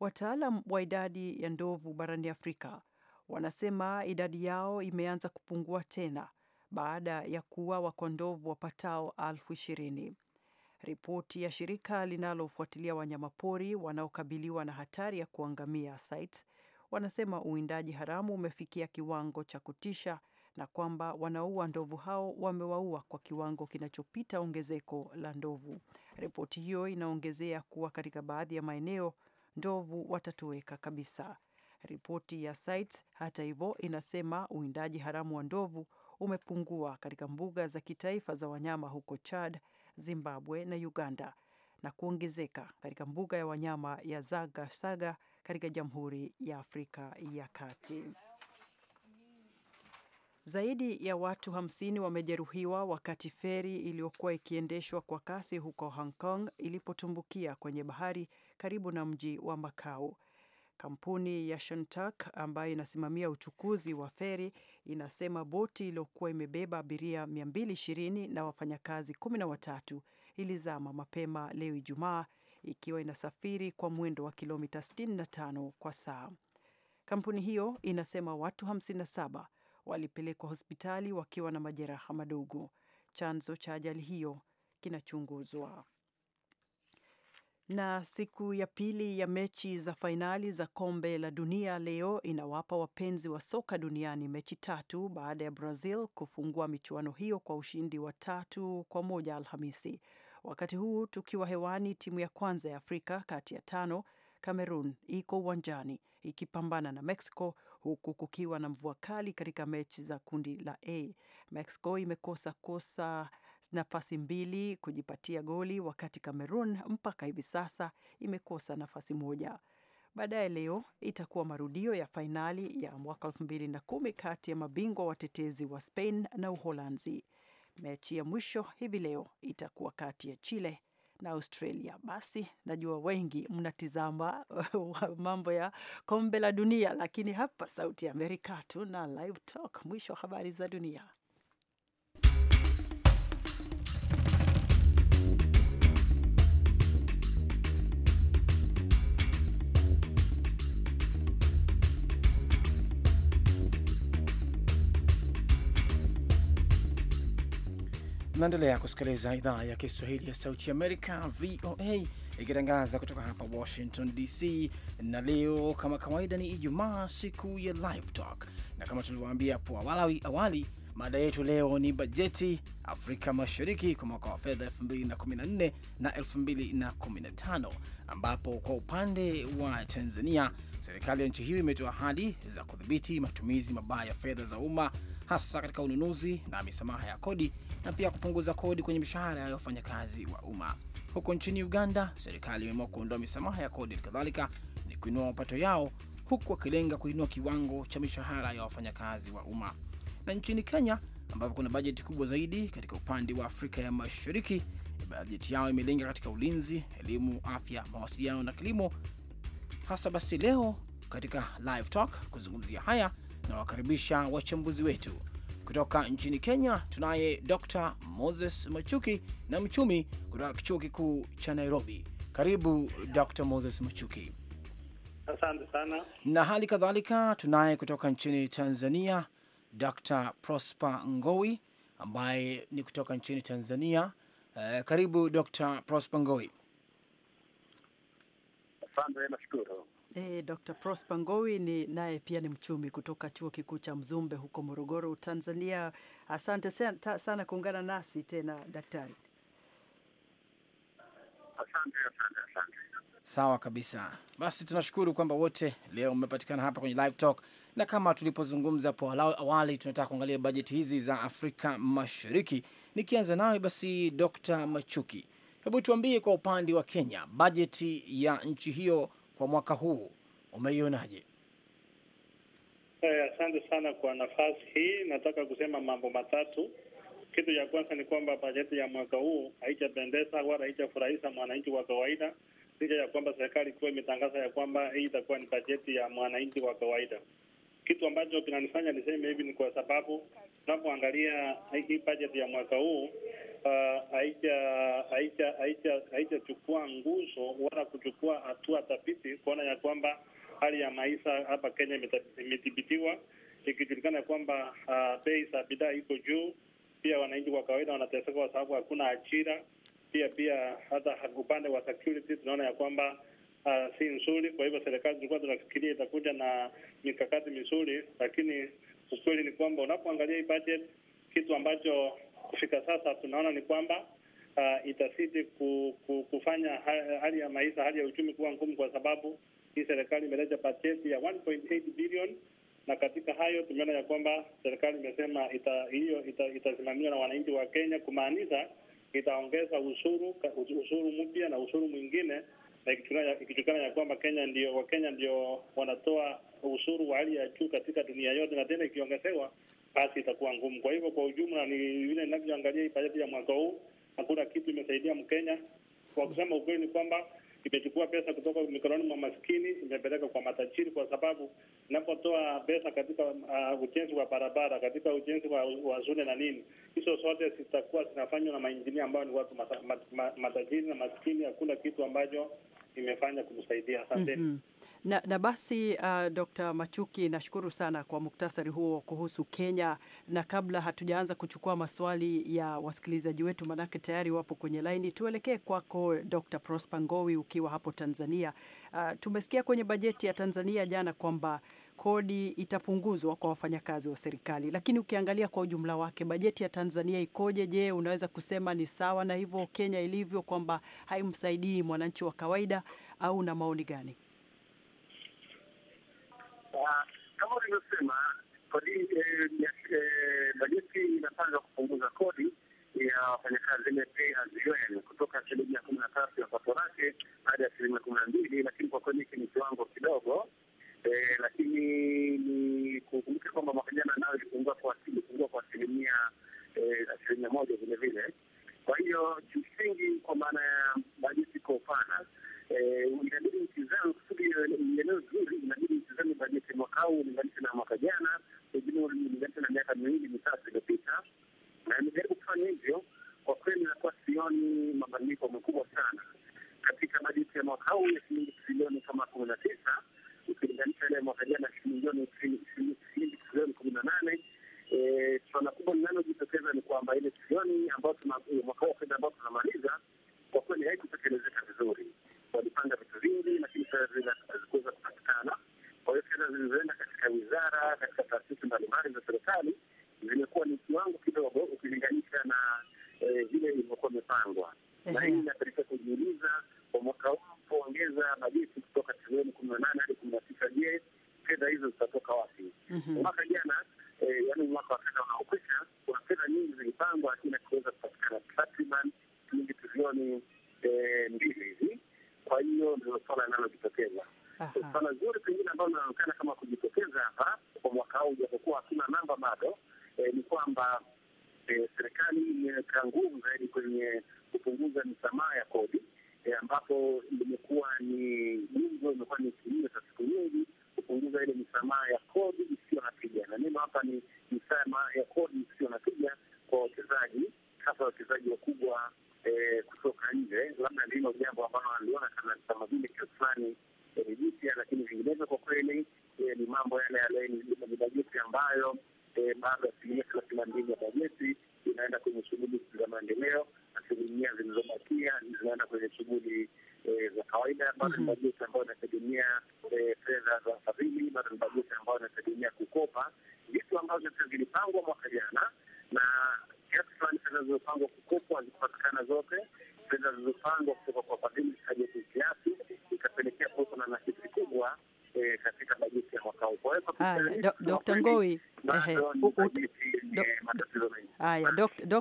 Wataalam wa idadi ya ndovu barani Afrika wanasema idadi yao imeanza kupungua tena baada ya kuuawa kwa ndovu wapatao elfu ishirini. Ripoti ya shirika linalofuatilia wanyamapori wanaokabiliwa na hatari ya kuangamia CITES wanasema uwindaji haramu umefikia kiwango cha kutisha na kwamba wanaua ndovu hao wamewaua kwa kiwango kinachopita ongezeko la ndovu. Ripoti hiyo inaongezea kuwa katika baadhi ya maeneo ndovu watatoweka kabisa. Ripoti ya CITES hata hivyo inasema uwindaji haramu wa ndovu umepungua katika mbuga za kitaifa za wanyama huko Chad Zimbabwe na Uganda na kuongezeka katika mbuga ya wanyama ya zaga saga katika Jamhuri ya Afrika ya Kati. Zaidi ya watu 50 wamejeruhiwa wakati feri iliyokuwa ikiendeshwa kwa kasi huko Hong Kong ilipotumbukia kwenye bahari karibu na mji wa Macau. Kampuni ya Shantak ambayo inasimamia uchukuzi wa feri inasema boti iliyokuwa imebeba abiria 220 na wafanyakazi 13 ilizama mapema leo Ijumaa ikiwa inasafiri kwa mwendo wa kilomita 65 kwa saa. Kampuni hiyo inasema watu 57 walipelekwa hospitali wakiwa na majeraha madogo. Chanzo cha ajali hiyo kinachunguzwa. Na siku ya pili ya mechi za fainali za kombe la dunia leo inawapa wapenzi wa soka duniani mechi tatu baada ya Brazil kufungua michuano hiyo kwa ushindi wa tatu kwa moja Alhamisi. Wakati huu tukiwa hewani, timu ya kwanza ya Afrika kati ya tano Cameroon iko uwanjani ikipambana na Mexico huku kukiwa na mvua kali katika mechi za kundi la A. Mexico imekosa kosa nafasi mbili kujipatia goli, wakati Cameroon mpaka hivi sasa imekosa nafasi moja. Baadaye leo itakuwa marudio ya fainali ya mwaka 2010 kati ya mabingwa watetezi wa Spain na Uholanzi. Mechi ya mwisho hivi leo itakuwa kati ya Chile na Australia. Basi najua wengi mnatizama mambo ya kombe la dunia, lakini hapa Sauti ya Amerika tuna live talk mwisho wa habari za dunia. naendelea kusikiliza idhaa ya Kiswahili ya Sauti Amerika, VOA, ikitangaza kutoka hapa Washington DC. Na leo kama kawaida ni Ijumaa, siku ya Live Talk, na kama tulivyoambia hapo awali, awali mada yetu leo ni bajeti Afrika Mashariki kwa mwaka wa fedha 2014 na 2015, ambapo kwa upande wa Tanzania serikali ya nchi hiyo imetoa ahadi za kudhibiti matumizi mabaya ya fedha za umma hasa katika ununuzi na misamaha ya kodi na pia kupunguza kodi kwenye mishahara ya wafanyakazi wa umma. Huko nchini Uganda, serikali imeamua kuondoa misamaha ya kodi, kadhalika ni kuinua mapato yao, huku wakilenga kuinua kiwango cha mishahara ya wafanyakazi wa umma. Na nchini Kenya ambapo kuna bajeti kubwa zaidi katika upande wa Afrika ya Mashariki, bajeti yao imelenga katika ulinzi, elimu, afya, mawasiliano na kilimo. Hasa basi leo katika Live Talk kuzungumzia haya na wakaribisha wachambuzi wetu kutoka nchini Kenya tunaye Dr Moses Machuki na mchumi kutoka Chuo Kikuu cha Nairobi. Karibu Dr Moses Machuki. Asante sana. Na hali kadhalika tunaye kutoka nchini Tanzania Dr Prosper Ngowi ambaye ni kutoka nchini Tanzania. Uh, karibu Dr Prosper Ngowi. Asante, nashukuru. E, eh, Dr. Prosper Ngowi ni naye pia ni mchumi kutoka Chuo Kikuu cha Mzumbe huko Morogoro, Tanzania. Asante sana, sana kuungana nasi tena daktari. Asante, Sawa kabisa. Basi tunashukuru kwamba wote leo mmepatikana hapa kwenye live talk, na kama tulipozungumza hapo awali, tunataka kuangalia bajeti hizi za Afrika Mashariki. Nikianza nawe basi, Dr. Machuki, hebu tuambie kwa upande wa Kenya, bajeti ya nchi hiyo kwa mwaka huu umeionaje? Eh, asante sana kwa nafasi hii. Nataka kusema mambo matatu. Kitu cha kwanza ni kwamba bajeti ya mwaka huu haijapendeza wala haijafurahisha mwananchi wa kawaida, licha ya kwamba serikali ikiwa imetangaza ya kwamba hii itakuwa ni bajeti ya mwananchi wa kawaida. Kitu ambacho kinanifanya niseme hivi ni kwa sababu tunapoangalia hii bajeti ya mwaka huu haijachukua nguzo wala kuchukua hatua thabiti kuona ya kwamba hali ya maisha hapa Kenya imedhibitiwa, ikijulikana kwamba ah, bei za bidhaa iko juu. Pia wananchi kwa kawaida wanateseka kwa sababu hakuna ajira. Pia pia hata upande wa security tunaona ya kwamba uh, si nzuri. Kwa hivyo serikali tulikuwa tunafikiria itakuja na mikakati mizuri, lakini ukweli ni kwamba unapoangalia hii budget, kitu ambacho kufika sasa tunaona ni kwamba uh, ku, kufanya hali ya maisha, hali ya uchumi kuwa ngumu, kwa sababu hii serikali imeleta bajeti ya 1.8 billion na katika hayo tumeona ya kwamba serikali imesema hiyo ita, itasimamiwa ita na wananchi wa Kenya, kumaanisha itaongeza ushuru ushuru mpya na ushuru mwingine, na ikijulikana ya kwamba Kenya ndio Wakenya ndio wanatoa ushuru wa hali ya juu katika dunia yote, na tena ikiongezewa basi itakuwa ngumu. Kwa hivyo, kwa ujumla, ni vile ninavyoangalia hii bajeti ya mwaka huu, hakuna kitu imesaidia Mkenya. Kwa kusema ukweli, ni kwamba imechukua pesa kutoka mikononi mwa maskini imepeleka kwa matajiri, kwa sababu inapotoa pesa katika uh, ujenzi wa barabara, katika ujenzi wa, wa shule na nini, hizo zote zitakuwa zinafanywa na mainjinia ambao ni watu matajiri, na maskini hakuna kitu ambacho imefanya kumsaidia. Asanteni. mm -hmm. Na, na basi uh, Dr. Machuki nashukuru sana kwa muktasari huo kuhusu Kenya, na kabla hatujaanza kuchukua maswali ya wasikilizaji wetu, manake tayari wapo kwenye laini, tuelekee kwako Dr. Prosper Ngowi ukiwa hapo Tanzania. Uh, tumesikia kwenye bajeti ya Tanzania jana kwamba kodi itapunguzwa kwa wafanyakazi wa serikali, lakini ukiangalia kwa ujumla wake bajeti ya Tanzania ikoje? Je, unaweza kusema ni sawa na hivyo Kenya ilivyo kwamba haimsaidii mwananchi wa kawaida au na maoni gani? kama ulivyosema, bajeti eh, eh, inapanga kupunguza kodi ya wafanyakazi ile kutoka asilimia kumi na tatu ya pato lake hadi asilimia kumi na mbili lakini kwa kweli hiki ni kiwango kidogo eh, lakini ni kukumbuka kwamba mwaka jana nayo ilipungua kwa asilimia eh, asilimia moja vilevile. Kwa hiyo kimsingi, kwa maana ya bajeti kwa upana Eh, inabidi utizame kusudi eneo zuri, inabidi utizame bajeti mwaka huu ulinganisha na mwaka jana, pengine ulinganisha na miaka miwili mitatu iliyopita, na imejaribu kufanya hivyo. Kwa kweli nakuwa sioni mabadiliko makubwa sana katika bajeti ya mwaka huu ya shilingi trilioni kama kumi na tisa ukilinganisha ile mwaka jana shilingi trilioni kumi na nane. Eh, Suala kubwa linalojitokeza ni kwamba ile trilioni ambayo mwaka huu fedha ambayo tunamaliza kwa kweli haikutekelezeka vizuri walipanga vitu vingi, lakini fedha hazikuweza kupatikana. Kwa hiyo fedha zilizoenda katika wizara, katika taasisi mbalimbali za serikali zimekuwa ni kiwango kidogo ukilinganisha na eh, vile ilivyokuwa imepangwa, na hii inapelekea kujiuliza kwa mwaka huu kuongeza bajeti kutoka trilioni kumi na nane hadi kumi na tisa. Je, fedha hizo zitatoka wapi? Mhm. Mwaka jana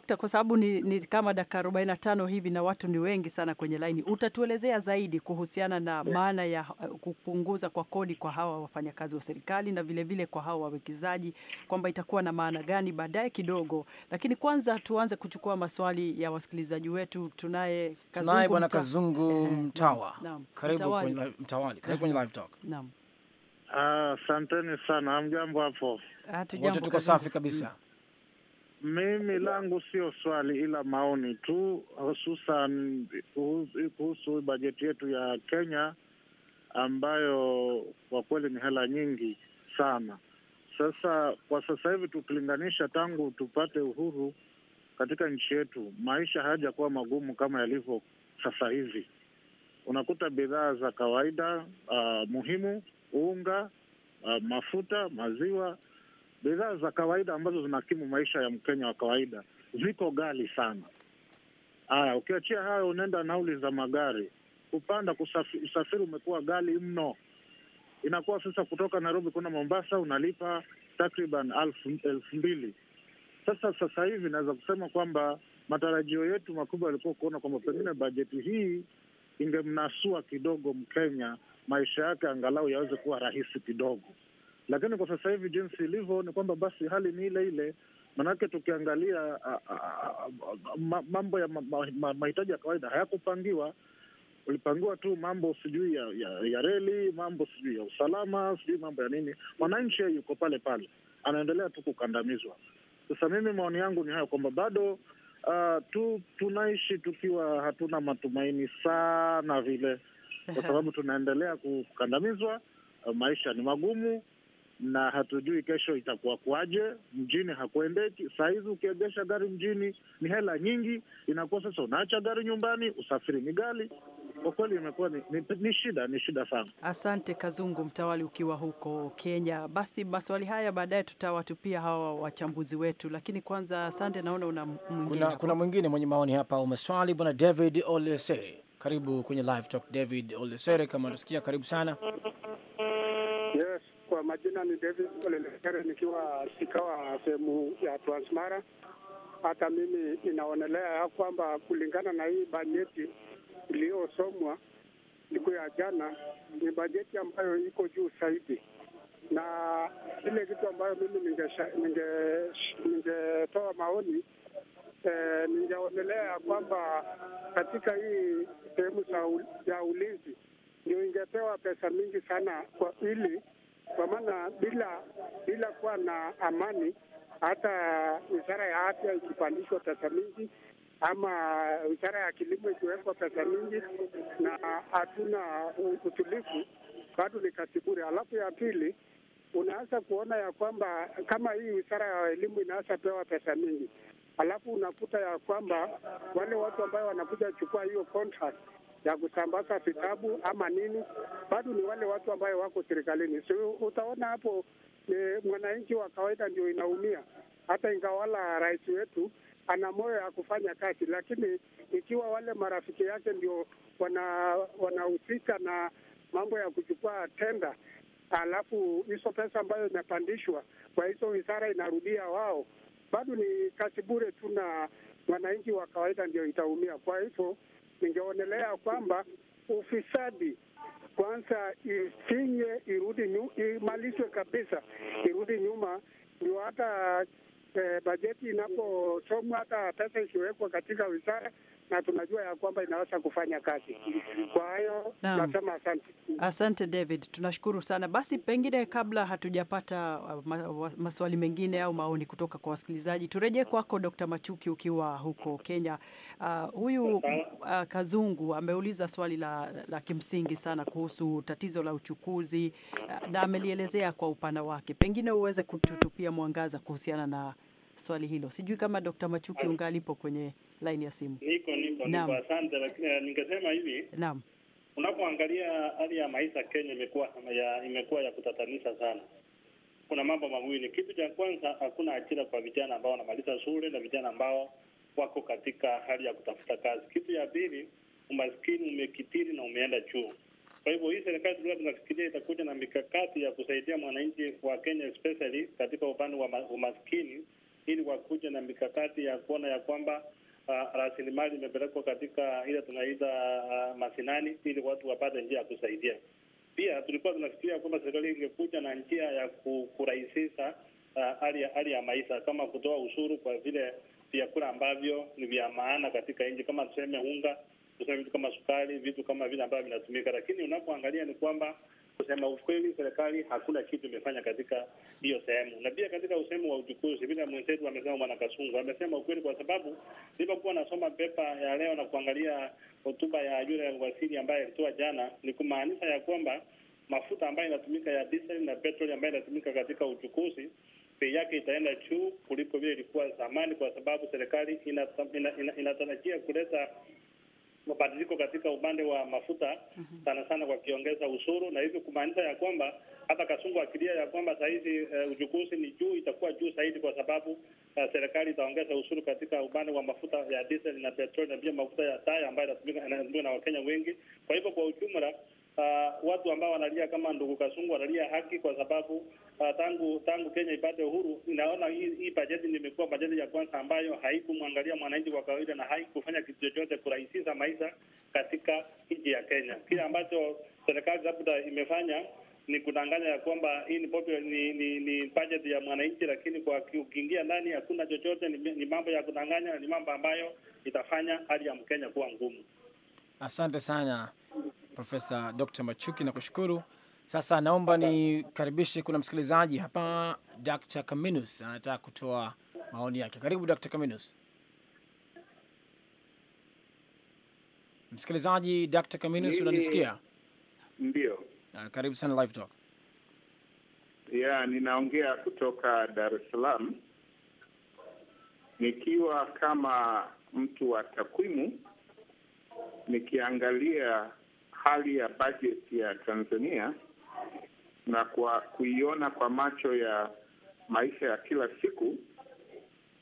Dokta, kwa sababu ni, ni kama dakika 45 hivi na watu ni wengi sana kwenye laini, utatuelezea zaidi kuhusiana na eh. maana ya eh, kupunguza kwa kodi kwa hawa wafanyakazi wa serikali na vilevile vile kwa hawa wawekezaji kwamba itakuwa na maana gani baadaye kidogo, lakini kwanza tuanze kuchukua maswali ya wasikilizaji wetu. Tunaye Kazungu, bwana Kazungu eh, Mtawa, karibu kwenye Mtawali, karibu kwenye live talk. Naam, ah, asanteni sana. Hamjambo hapo? tuko safi kabisa. Mimi langu sio swali, ila maoni tu, hususan kuhusu bajeti yetu ya Kenya ambayo kwa kweli ni hela nyingi sana. Sasa kwa sasa hivi tukilinganisha tangu tupate uhuru katika nchi yetu, maisha hayajakuwa magumu kama yalivyo sasa hivi. Unakuta bidhaa za kawaida uh, muhimu, unga uh, mafuta, maziwa bidhaa za kawaida ambazo zinakimu maisha ya Mkenya wa kawaida ziko gali sana. Haya, ukiachia hayo, unaenda nauli za magari, kupanda usafiri umekuwa gali mno. Inakuwa sasa kutoka Nairobi kuna Mombasa unalipa takriban elfu mbili. Sasa sasa hivi naweza kusema kwamba matarajio yetu makubwa yalikuwa kuona kwamba pengine bajeti hii ingemnasua kidogo Mkenya, maisha yake angalau yaweze kuwa rahisi kidogo. Lakini kwa sasa hivi jinsi ilivyo ni kwamba basi hali ni ile ile, manake tukiangalia mambo ya mahitaji ya kawaida hayakupangiwa ulipangiwa tu mambo sijui ya, ya, ya reli, mambo sijui ya usalama, sijui mambo ya nini. Mwananchi yuko pale pale, anaendelea tu kukandamizwa. Sasa mimi maoni yangu ni hayo kwamba bado uh, tu tunaishi tukiwa hatuna matumaini sana vile, kwa sababu tunaendelea kukandamizwa. Uh, maisha ni magumu na hatujui kesho itakuwa kwaje. Mjini hakuendeki sahizi, ukiegesha gari mjini ni hela nyingi, inakuwa sasa unaacha gari nyumbani, usafiri ni gali. Kwa kweli imekuwa ni, ni, ni shida, ni shida sana. Asante Kazungu Mtawali, ukiwa huko Kenya. Basi maswali haya baadaye tutawatupia hawa wachambuzi wetu, lakini kwanza, asante. Naona una mwingine, kuna, kuna mwingine mwenye maoni hapa umeswali, Bwana David Olesere, karibu kwenye Live Talk. David Olesere, kama tusikia, karibu sana. Yes. Kwa majina ni David Olelekere, nikiwa sikawa sehemu ya Transmara. Hata mimi inaonelea ya kwamba kulingana na hii bajeti iliyosomwa siku ya jana, ni bajeti ambayo iko juu zaidi, na ile kitu ambayo mimi ningetoa ninge, ninge maoni eh, ningeonelea ya kwamba katika hii sehemu ya ulinzi ndio ingepewa pesa mingi sana kwa ili kwa maana bila bila kuwa na amani, hata wizara ya afya ikipandishwa pesa mingi ama wizara ya kilimo ikiwekwa pesa mingi na hatuna utulivu, bado ni kazi bure. Alafu ya pili unaanza kuona ya kwamba kama hii wizara ya elimu inaanza pewa pesa mingi, alafu unakuta ya kwamba wale watu ambao wanakuja chukua hiyo contract ya kusambaza vitabu ama nini, bado ni wale watu ambayo wako serikalini. So utaona hapo e, mwananchi wa kawaida ndio inaumia, hata ingawala rais wetu ana moyo ya kufanya kazi, lakini ikiwa wale marafiki yake ndio wanahusika wana na mambo ya kuchukua tenda, alafu hizo pesa ambayo imepandishwa kwa hizo wizara inarudia wao, bado ni kazi bure tu, na mwananchi wa kawaida ndio itaumia. Kwa hivyo ningeonelea kwamba ufisadi kwanza ifinye, irudi nyu, imalizwe kabisa, irudi nyuma, ndio hata eh, bajeti inaposomwa hata pesa isiwekwa katika wizara na tunajua ya kwamba inaweza kufanya kazi. Kwa hiyo nasema asante, asante David, tunashukuru sana. Basi pengine kabla hatujapata uh, maswali mengine au maoni kutoka kwa wasikilizaji, turejee kwako Dr. Machuki ukiwa huko Kenya. Uh, huyu uh, Kazungu ameuliza swali la, la kimsingi sana kuhusu tatizo la uchukuzi uh, na amelielezea kwa upana wake, pengine uweze kututupia mwangaza kuhusiana na swali hilo. Sijui kama Dr. Machuki ungalipo kwenye line ya simu. Niko niko, niko asante, lakini eh, ningesema hivi. Naam. Unapoangalia hali ya maisha Kenya imekuwa ya imekuwa ya kutatanisha sana. Kuna mambo mawili. Kitu cha kwanza, hakuna ajira kwa vijana ambao wanamaliza shule na vijana ambao wako katika hali ya kutafuta kazi. Kitu ya pili, umaskini umekitiri na umeenda juu. Kwa hivyo hii serikali tunafikiria itakuja na mikakati ya kusaidia mwananchi wa Kenya especially katika upande wa umaskini ili wakuja na mikakati ya kuona ya kwamba uh, rasilimali imepelekwa katika ile tunaita uh, masinani ili watu wapate njia ya kusaidia. Pia tulikuwa tunafikiria kwamba serikali ingekuja na njia ya kurahisisha ah, hali uh, ya maisha kama kutoa ushuru kwa vile vyakula ambavyo ni vya maana katika nchi, kama tuseme unga, tuseme vitu kama sukari, vitu kama vile ambavyo vinatumika, lakini unapoangalia ni kwamba Kusema ukweli, serikali hakuna kitu imefanya katika hiyo sehemu. Na pia katika usehemu wa uchukuzi, vile mwenzetu amesema, Bwana Kasungu amesema ukweli, kwa sababu nilipokuwa nasoma pepa ya leo na kuangalia hotuba ya yule waziri ambaye alitoa jana, ni kumaanisha ya kwamba mafuta ambayo inatumika ya diesel na petroli ambayo inatumika katika uchukuzi bei yake itaenda juu kuliko vile ilikuwa zamani, kwa sababu serikali inatarajia ina, ina, ina kuleta mabadiliko katika upande wa mafuta mhm. sana sana, kwa kiongeza ushuru na hivyo kumaanisha ya kwamba hata Kasungu akilia ya kwamba sahizi uh, eh, uchukuzi ni juu, itakuwa juu zaidi kwa sababu uh, serikali itaongeza ushuru katika upande wa mafuta ya diesel na petroli na pia mafuta ya taa ambayo inatumika na Wakenya wengi. Kwa hivyo kwa ujumla uh, watu ambao wanalia kama ndugu Kasungu wanalia haki, kwa sababu uh, tangu tangu Kenya ipate uhuru, inaona hii, hii bajeti nimekuwa bajeti ya kwanza ambayo haikumwangalia mwananchi kwa kawaida na haikufanya kitu chochote kurahisisha maisha katika nchi ya Kenya. Kile ambacho serikali labda imefanya ni kudanganya ya kwamba hii ni popular, ni, ni, ni budget ya mwananchi, lakini kwa ukiingia ndani hakuna chochote. Ni, ni mambo ya kudanganya na ni mambo ambayo itafanya hali ya Mkenya kuwa ngumu. Asante sana Profesa Dr. Machuki, na kushukuru Sasa naomba nikaribishe, kuna msikilizaji hapa, Dr. Kaminus anataka kutoa maoni yake. Karibu Dr. Kaminus. Msikilizaji Dr. Kaminus, unanisikia? Ndio. Ah, karibu sana Live Talk. Ya, ninaongea kutoka Dar es Salaam nikiwa kama mtu wa takwimu, nikiangalia hali ya bajeti ya Tanzania na kwa kuiona kwa macho ya maisha ya kila siku,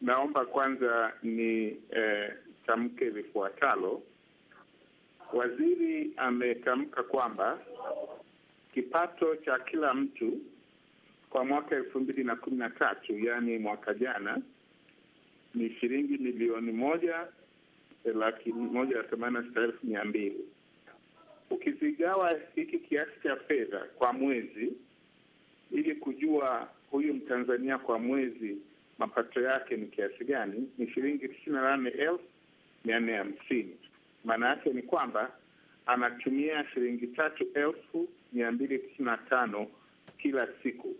naomba kwanza ni eh, tamke vifuatalo. Waziri ametamka kwamba kipato cha kila mtu kwa mwaka elfu mbili na kumi na tatu yaani mwaka jana ni shilingi milioni moja laki moja themanini na sita elfu mia mbili ukizigawa hiki kiasi cha fedha kwa mwezi, ili kujua huyu Mtanzania kwa mwezi mapato yake ni kiasi gani, ni shilingi tisini na nane elfu mia nne hamsini. Maana yake ni kwamba anatumia shilingi tatu elfu mia mbili tisini na tano kila siku.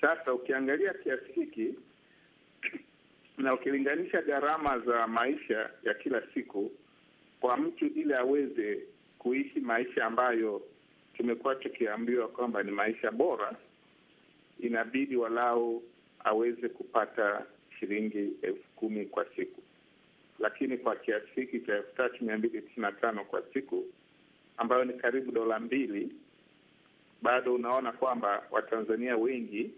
Sasa ukiangalia kiasi hiki na ukilinganisha gharama za maisha ya kila siku kwa mtu ili aweze kuishi maisha ambayo tumekuwa tukiambiwa kwamba ni maisha bora, inabidi walau aweze kupata shilingi elfu kumi kwa siku, lakini kwa kiasi hiki cha elfu tatu mia mbili tisini na tano kwa siku ambayo ni karibu dola mbili, bado unaona kwamba Watanzania wengi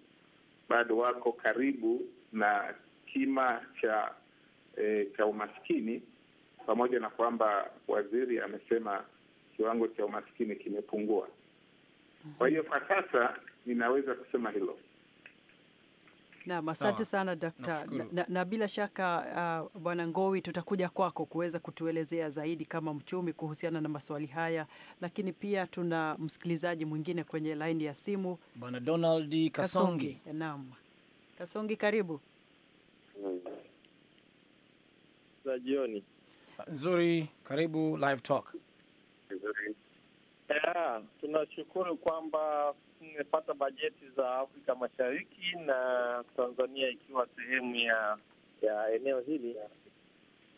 bado wako karibu na kima cha e, cha umaskini pamoja na kwamba waziri amesema kiwango cha umaskini kimepungua. Kwa hiyo kwa sasa ninaweza kusema hilo. Naam, asante sana Dakta na, na, na bila shaka uh, Bwana Ngowi, tutakuja kwako kuweza kutuelezea zaidi kama mchumi kuhusiana na maswali haya, lakini pia tuna msikilizaji mwingine kwenye laini ya simu, Bwana Donald Kasongi. Naam, Kasongi, karibu za jioni. Nzuri, karibu live talk. Yeah, tunashukuru kwamba tumepata bajeti za Afrika Mashariki na Tanzania ikiwa sehemu ya ya eneo hili.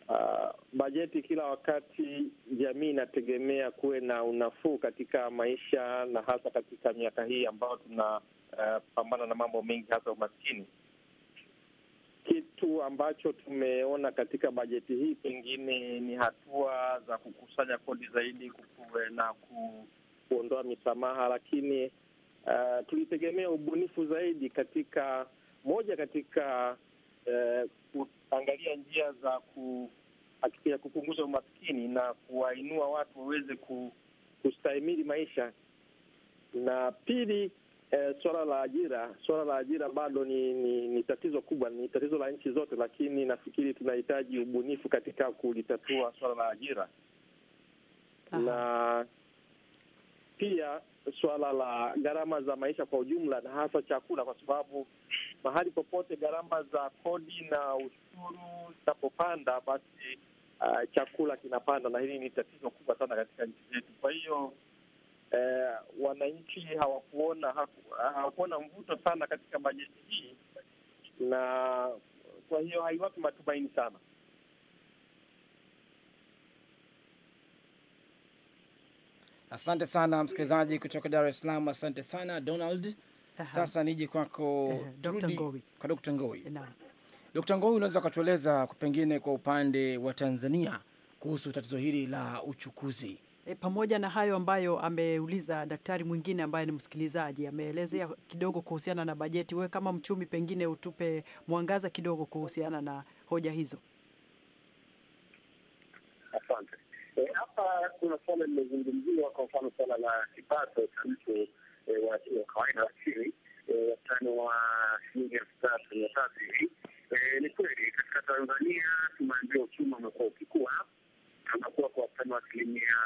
Uh, bajeti kila wakati jamii inategemea kuwe na unafuu katika maisha na hasa katika miaka hii ambayo tunapambana uh, na mambo mengi hasa umaskini kitu ambacho tumeona katika bajeti hii pengine ni hatua za kukusanya kodi zaidi kukuwe na ku, kuondoa misamaha, lakini uh, tulitegemea ubunifu zaidi katika moja katika uh, kuangalia njia za kuhakikisha kupunguza umaskini na kuwainua watu waweze kustahimili maisha na pili E, swala la ajira, swala la ajira bado ni, ni ni tatizo kubwa, ni tatizo la nchi zote, lakini nafikiri tunahitaji ubunifu katika kulitatua swala la ajira. Aha. na pia swala la gharama za maisha kwa ujumla na hasa chakula, kwa sababu mahali popote gharama za kodi na ushuru zinapopanda, basi uh, chakula kinapanda, na hili ni tatizo kubwa sana katika nchi zetu. Kwa hiyo eh, wananchi hawakuona hawakuona mvuto sana katika bajeti hii, na kwa hiyo haiwapi matumaini sana. Asante sana msikilizaji kutoka Dar es Salaam, asante sana Donald. Aha. Sasa nije kwako kwa Dr. Ngowi. Dr. Ngowi, unaweza ukatueleza pengine kwa upande wa Tanzania kuhusu tatizo hili la uchukuzi E, pamoja na hayo ambayo ameuliza daktari mwingine ambaye ni msikilizaji ameelezea kidogo kuhusiana na bajeti, wewe kama mchumi, pengine utupe mwangaza kidogo kuhusiana na hoja hizo. Asante. Eh, hapa kuna suala limezungumziwa, kwa mfano suala la kipato cha mtu eh, wa kawaida wa chini, wastani wa shilingi elfu tatu mia tatu hivi. Ni kweli katika Tanzania tumeambiwa uchumi umekuwa ukikua anakuwa kwa wastani wa asilimia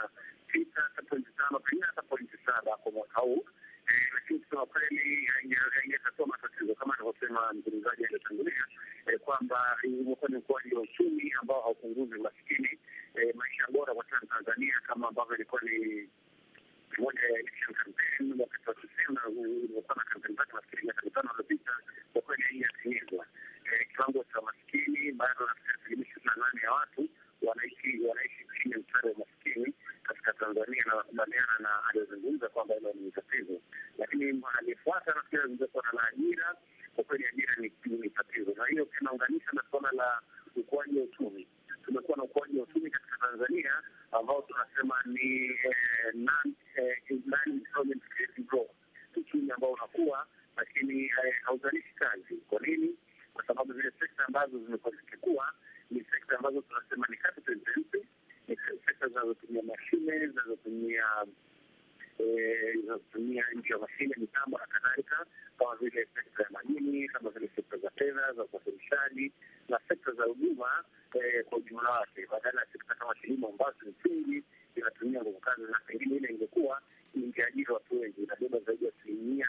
sita hata pointi tano pengine hata pointi saba kwa mwaka huu, e, lakini kusema kweli haingetatua matatizo kama anavyosema mzungumzaji aliyotangulia e, kwamba umekuwa ni ukuaji wa uchumi ambao haupunguzi umasikini, e, maisha bora kwa Tanzania kama ambavyo ilikuwa ni moja ya election campaign wakati wa tisini ulivyokuwa na kampeni zake nafikiri miaka mitano iliyopita, kwa kweli haijatimizwa. Kiwango cha masikini bado asilimia ishirini na nane ya watu wanaishi wanaishi chini ya mstari wa maskini katika Tanzania, na wakubaliana na aliyozungumza kwamba hilo ni tatizo, lakini aliyefuata nafikiri azungumza suala la ajira. Kwa kweli ajira ni tatizo, na hiyo kinaunganisha na suala la ukuaji wa uchumi. Tumekuwa na ukuaji wa uchumi katika Tanzania ambao tunasema ni eh, eh, uchumi ambao unakuwa lakini eh, hauzalishi kazi. Kwa nini? Kwa sababu zile sekta ambazo zimekuwa zikikua ni sekta ambazo tunasema ni capital intensive, ni sekta zinazotumia mashine, zinazotumia eh, zinazotumia nchi ya mashine, mitambo na kadhalika, kama vile sekta ya madini, kama vile sekta za fedha za usafirishaji na sekta za huduma eh, kwa ujumla wake, badala ya sekta kama kilimo ambazo ni msingi inatumia nguvu kazi, na pengine ile ingekuwa ingeajiri watu wengi, inabeba zaidi ya asilimia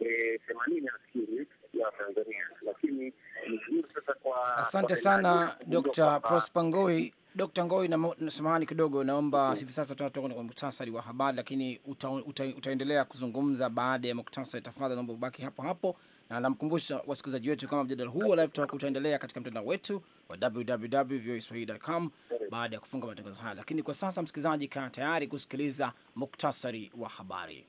e, themanini nafikiri ya Tanzania. Lakini ni vizuri sasa kwa asante sana Dr. Prosper Ngoi. Dr. Ngoi, samahani kidogo, naomba hivi sasa tunatoka kwa muktasari wa habari, lakini utaendelea kuzungumza baada ya muktasari. Tafadhali naomba ubaki hapo hapo na namkumbusha wasikilizaji wetu kama mjadala huu wa live talk utaendelea katika mtandao wetu wa www.voaswahili.com baada ya kufunga matangazo haya. Lakini kwa sasa, msikilizaji, kaa tayari kusikiliza muktasari wa habari.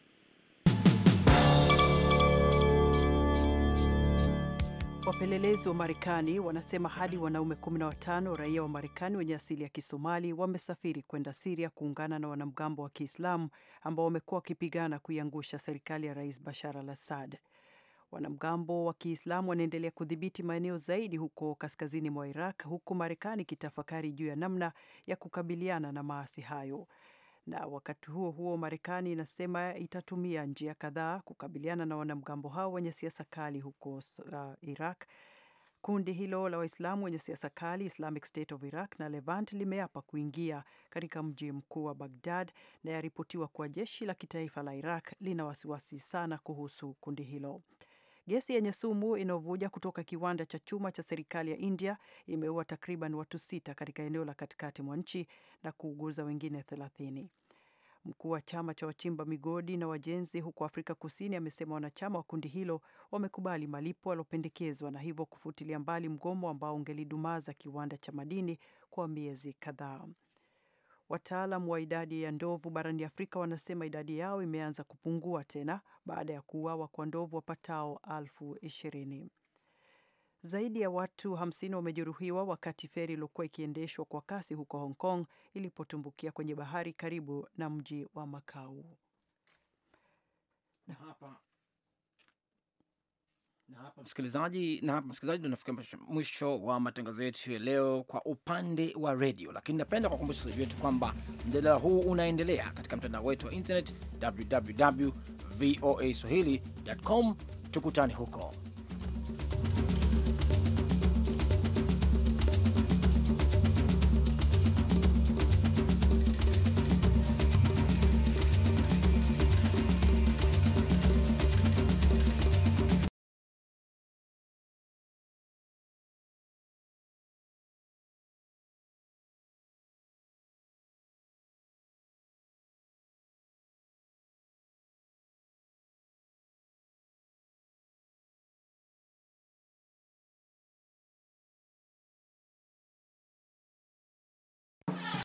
Wapelelezi wa Marekani wanasema hadi wanaume 15 raia wa Marekani wenye asili ya Kisomali wamesafiri kwenda Siria kuungana na wanamgambo wa Kiislamu ambao wamekuwa wakipigana kuiangusha serikali ya Rais Bashar al Assad. Wanamgambo wa Kiislamu wanaendelea kudhibiti maeneo zaidi huko kaskazini mwa Iraq, huku Marekani ikitafakari juu ya namna ya kukabiliana na maasi hayo. Na wakati huo huo, Marekani inasema itatumia njia kadhaa kukabiliana na wanamgambo hao wenye siasa kali huko uh, Iraq. Kundi hilo la Waislamu wenye siasa kali Islamic State of Iraq na Levant limeapa kuingia katika mji mkuu wa bagdad na yaripotiwa kuwa jeshi la kitaifa la Iraq lina wasiwasi sana kuhusu kundi hilo. Gesi yenye sumu inayovuja kutoka kiwanda cha chuma cha serikali ya India imeua takriban watu sita katika eneo la katikati mwa nchi na kuuguza wengine 30. Mkuu wa chama cha wachimba migodi na wajenzi huko Afrika Kusini amesema wanachama wa kundi hilo wamekubali malipo yaliopendekezwa na hivyo kufutilia mbali mgomo ambao ungelidumaza kiwanda cha madini kwa miezi kadhaa. Wataalam wa idadi ya ndovu barani Afrika wanasema idadi yao imeanza kupungua tena baada ya kuuawa kwa ndovu wapatao elfu ishirini. Zaidi ya watu 50 wamejeruhiwa wakati feri iliokuwa ikiendeshwa kwa kasi huko Hong Kong ilipotumbukia kwenye bahari karibu na mji wa Makau. Na hapa na hapa msikilizaji, na hapa msikilizaji, tunafikia mwisho wa matangazo yetu ya leo kwa upande wa redio, lakini napenda kwa kumbusha wasikilizaji wetu kwamba mjadala huu unaendelea katika mtandao wetu wa internet www voa swahili.com. Tukutane huko.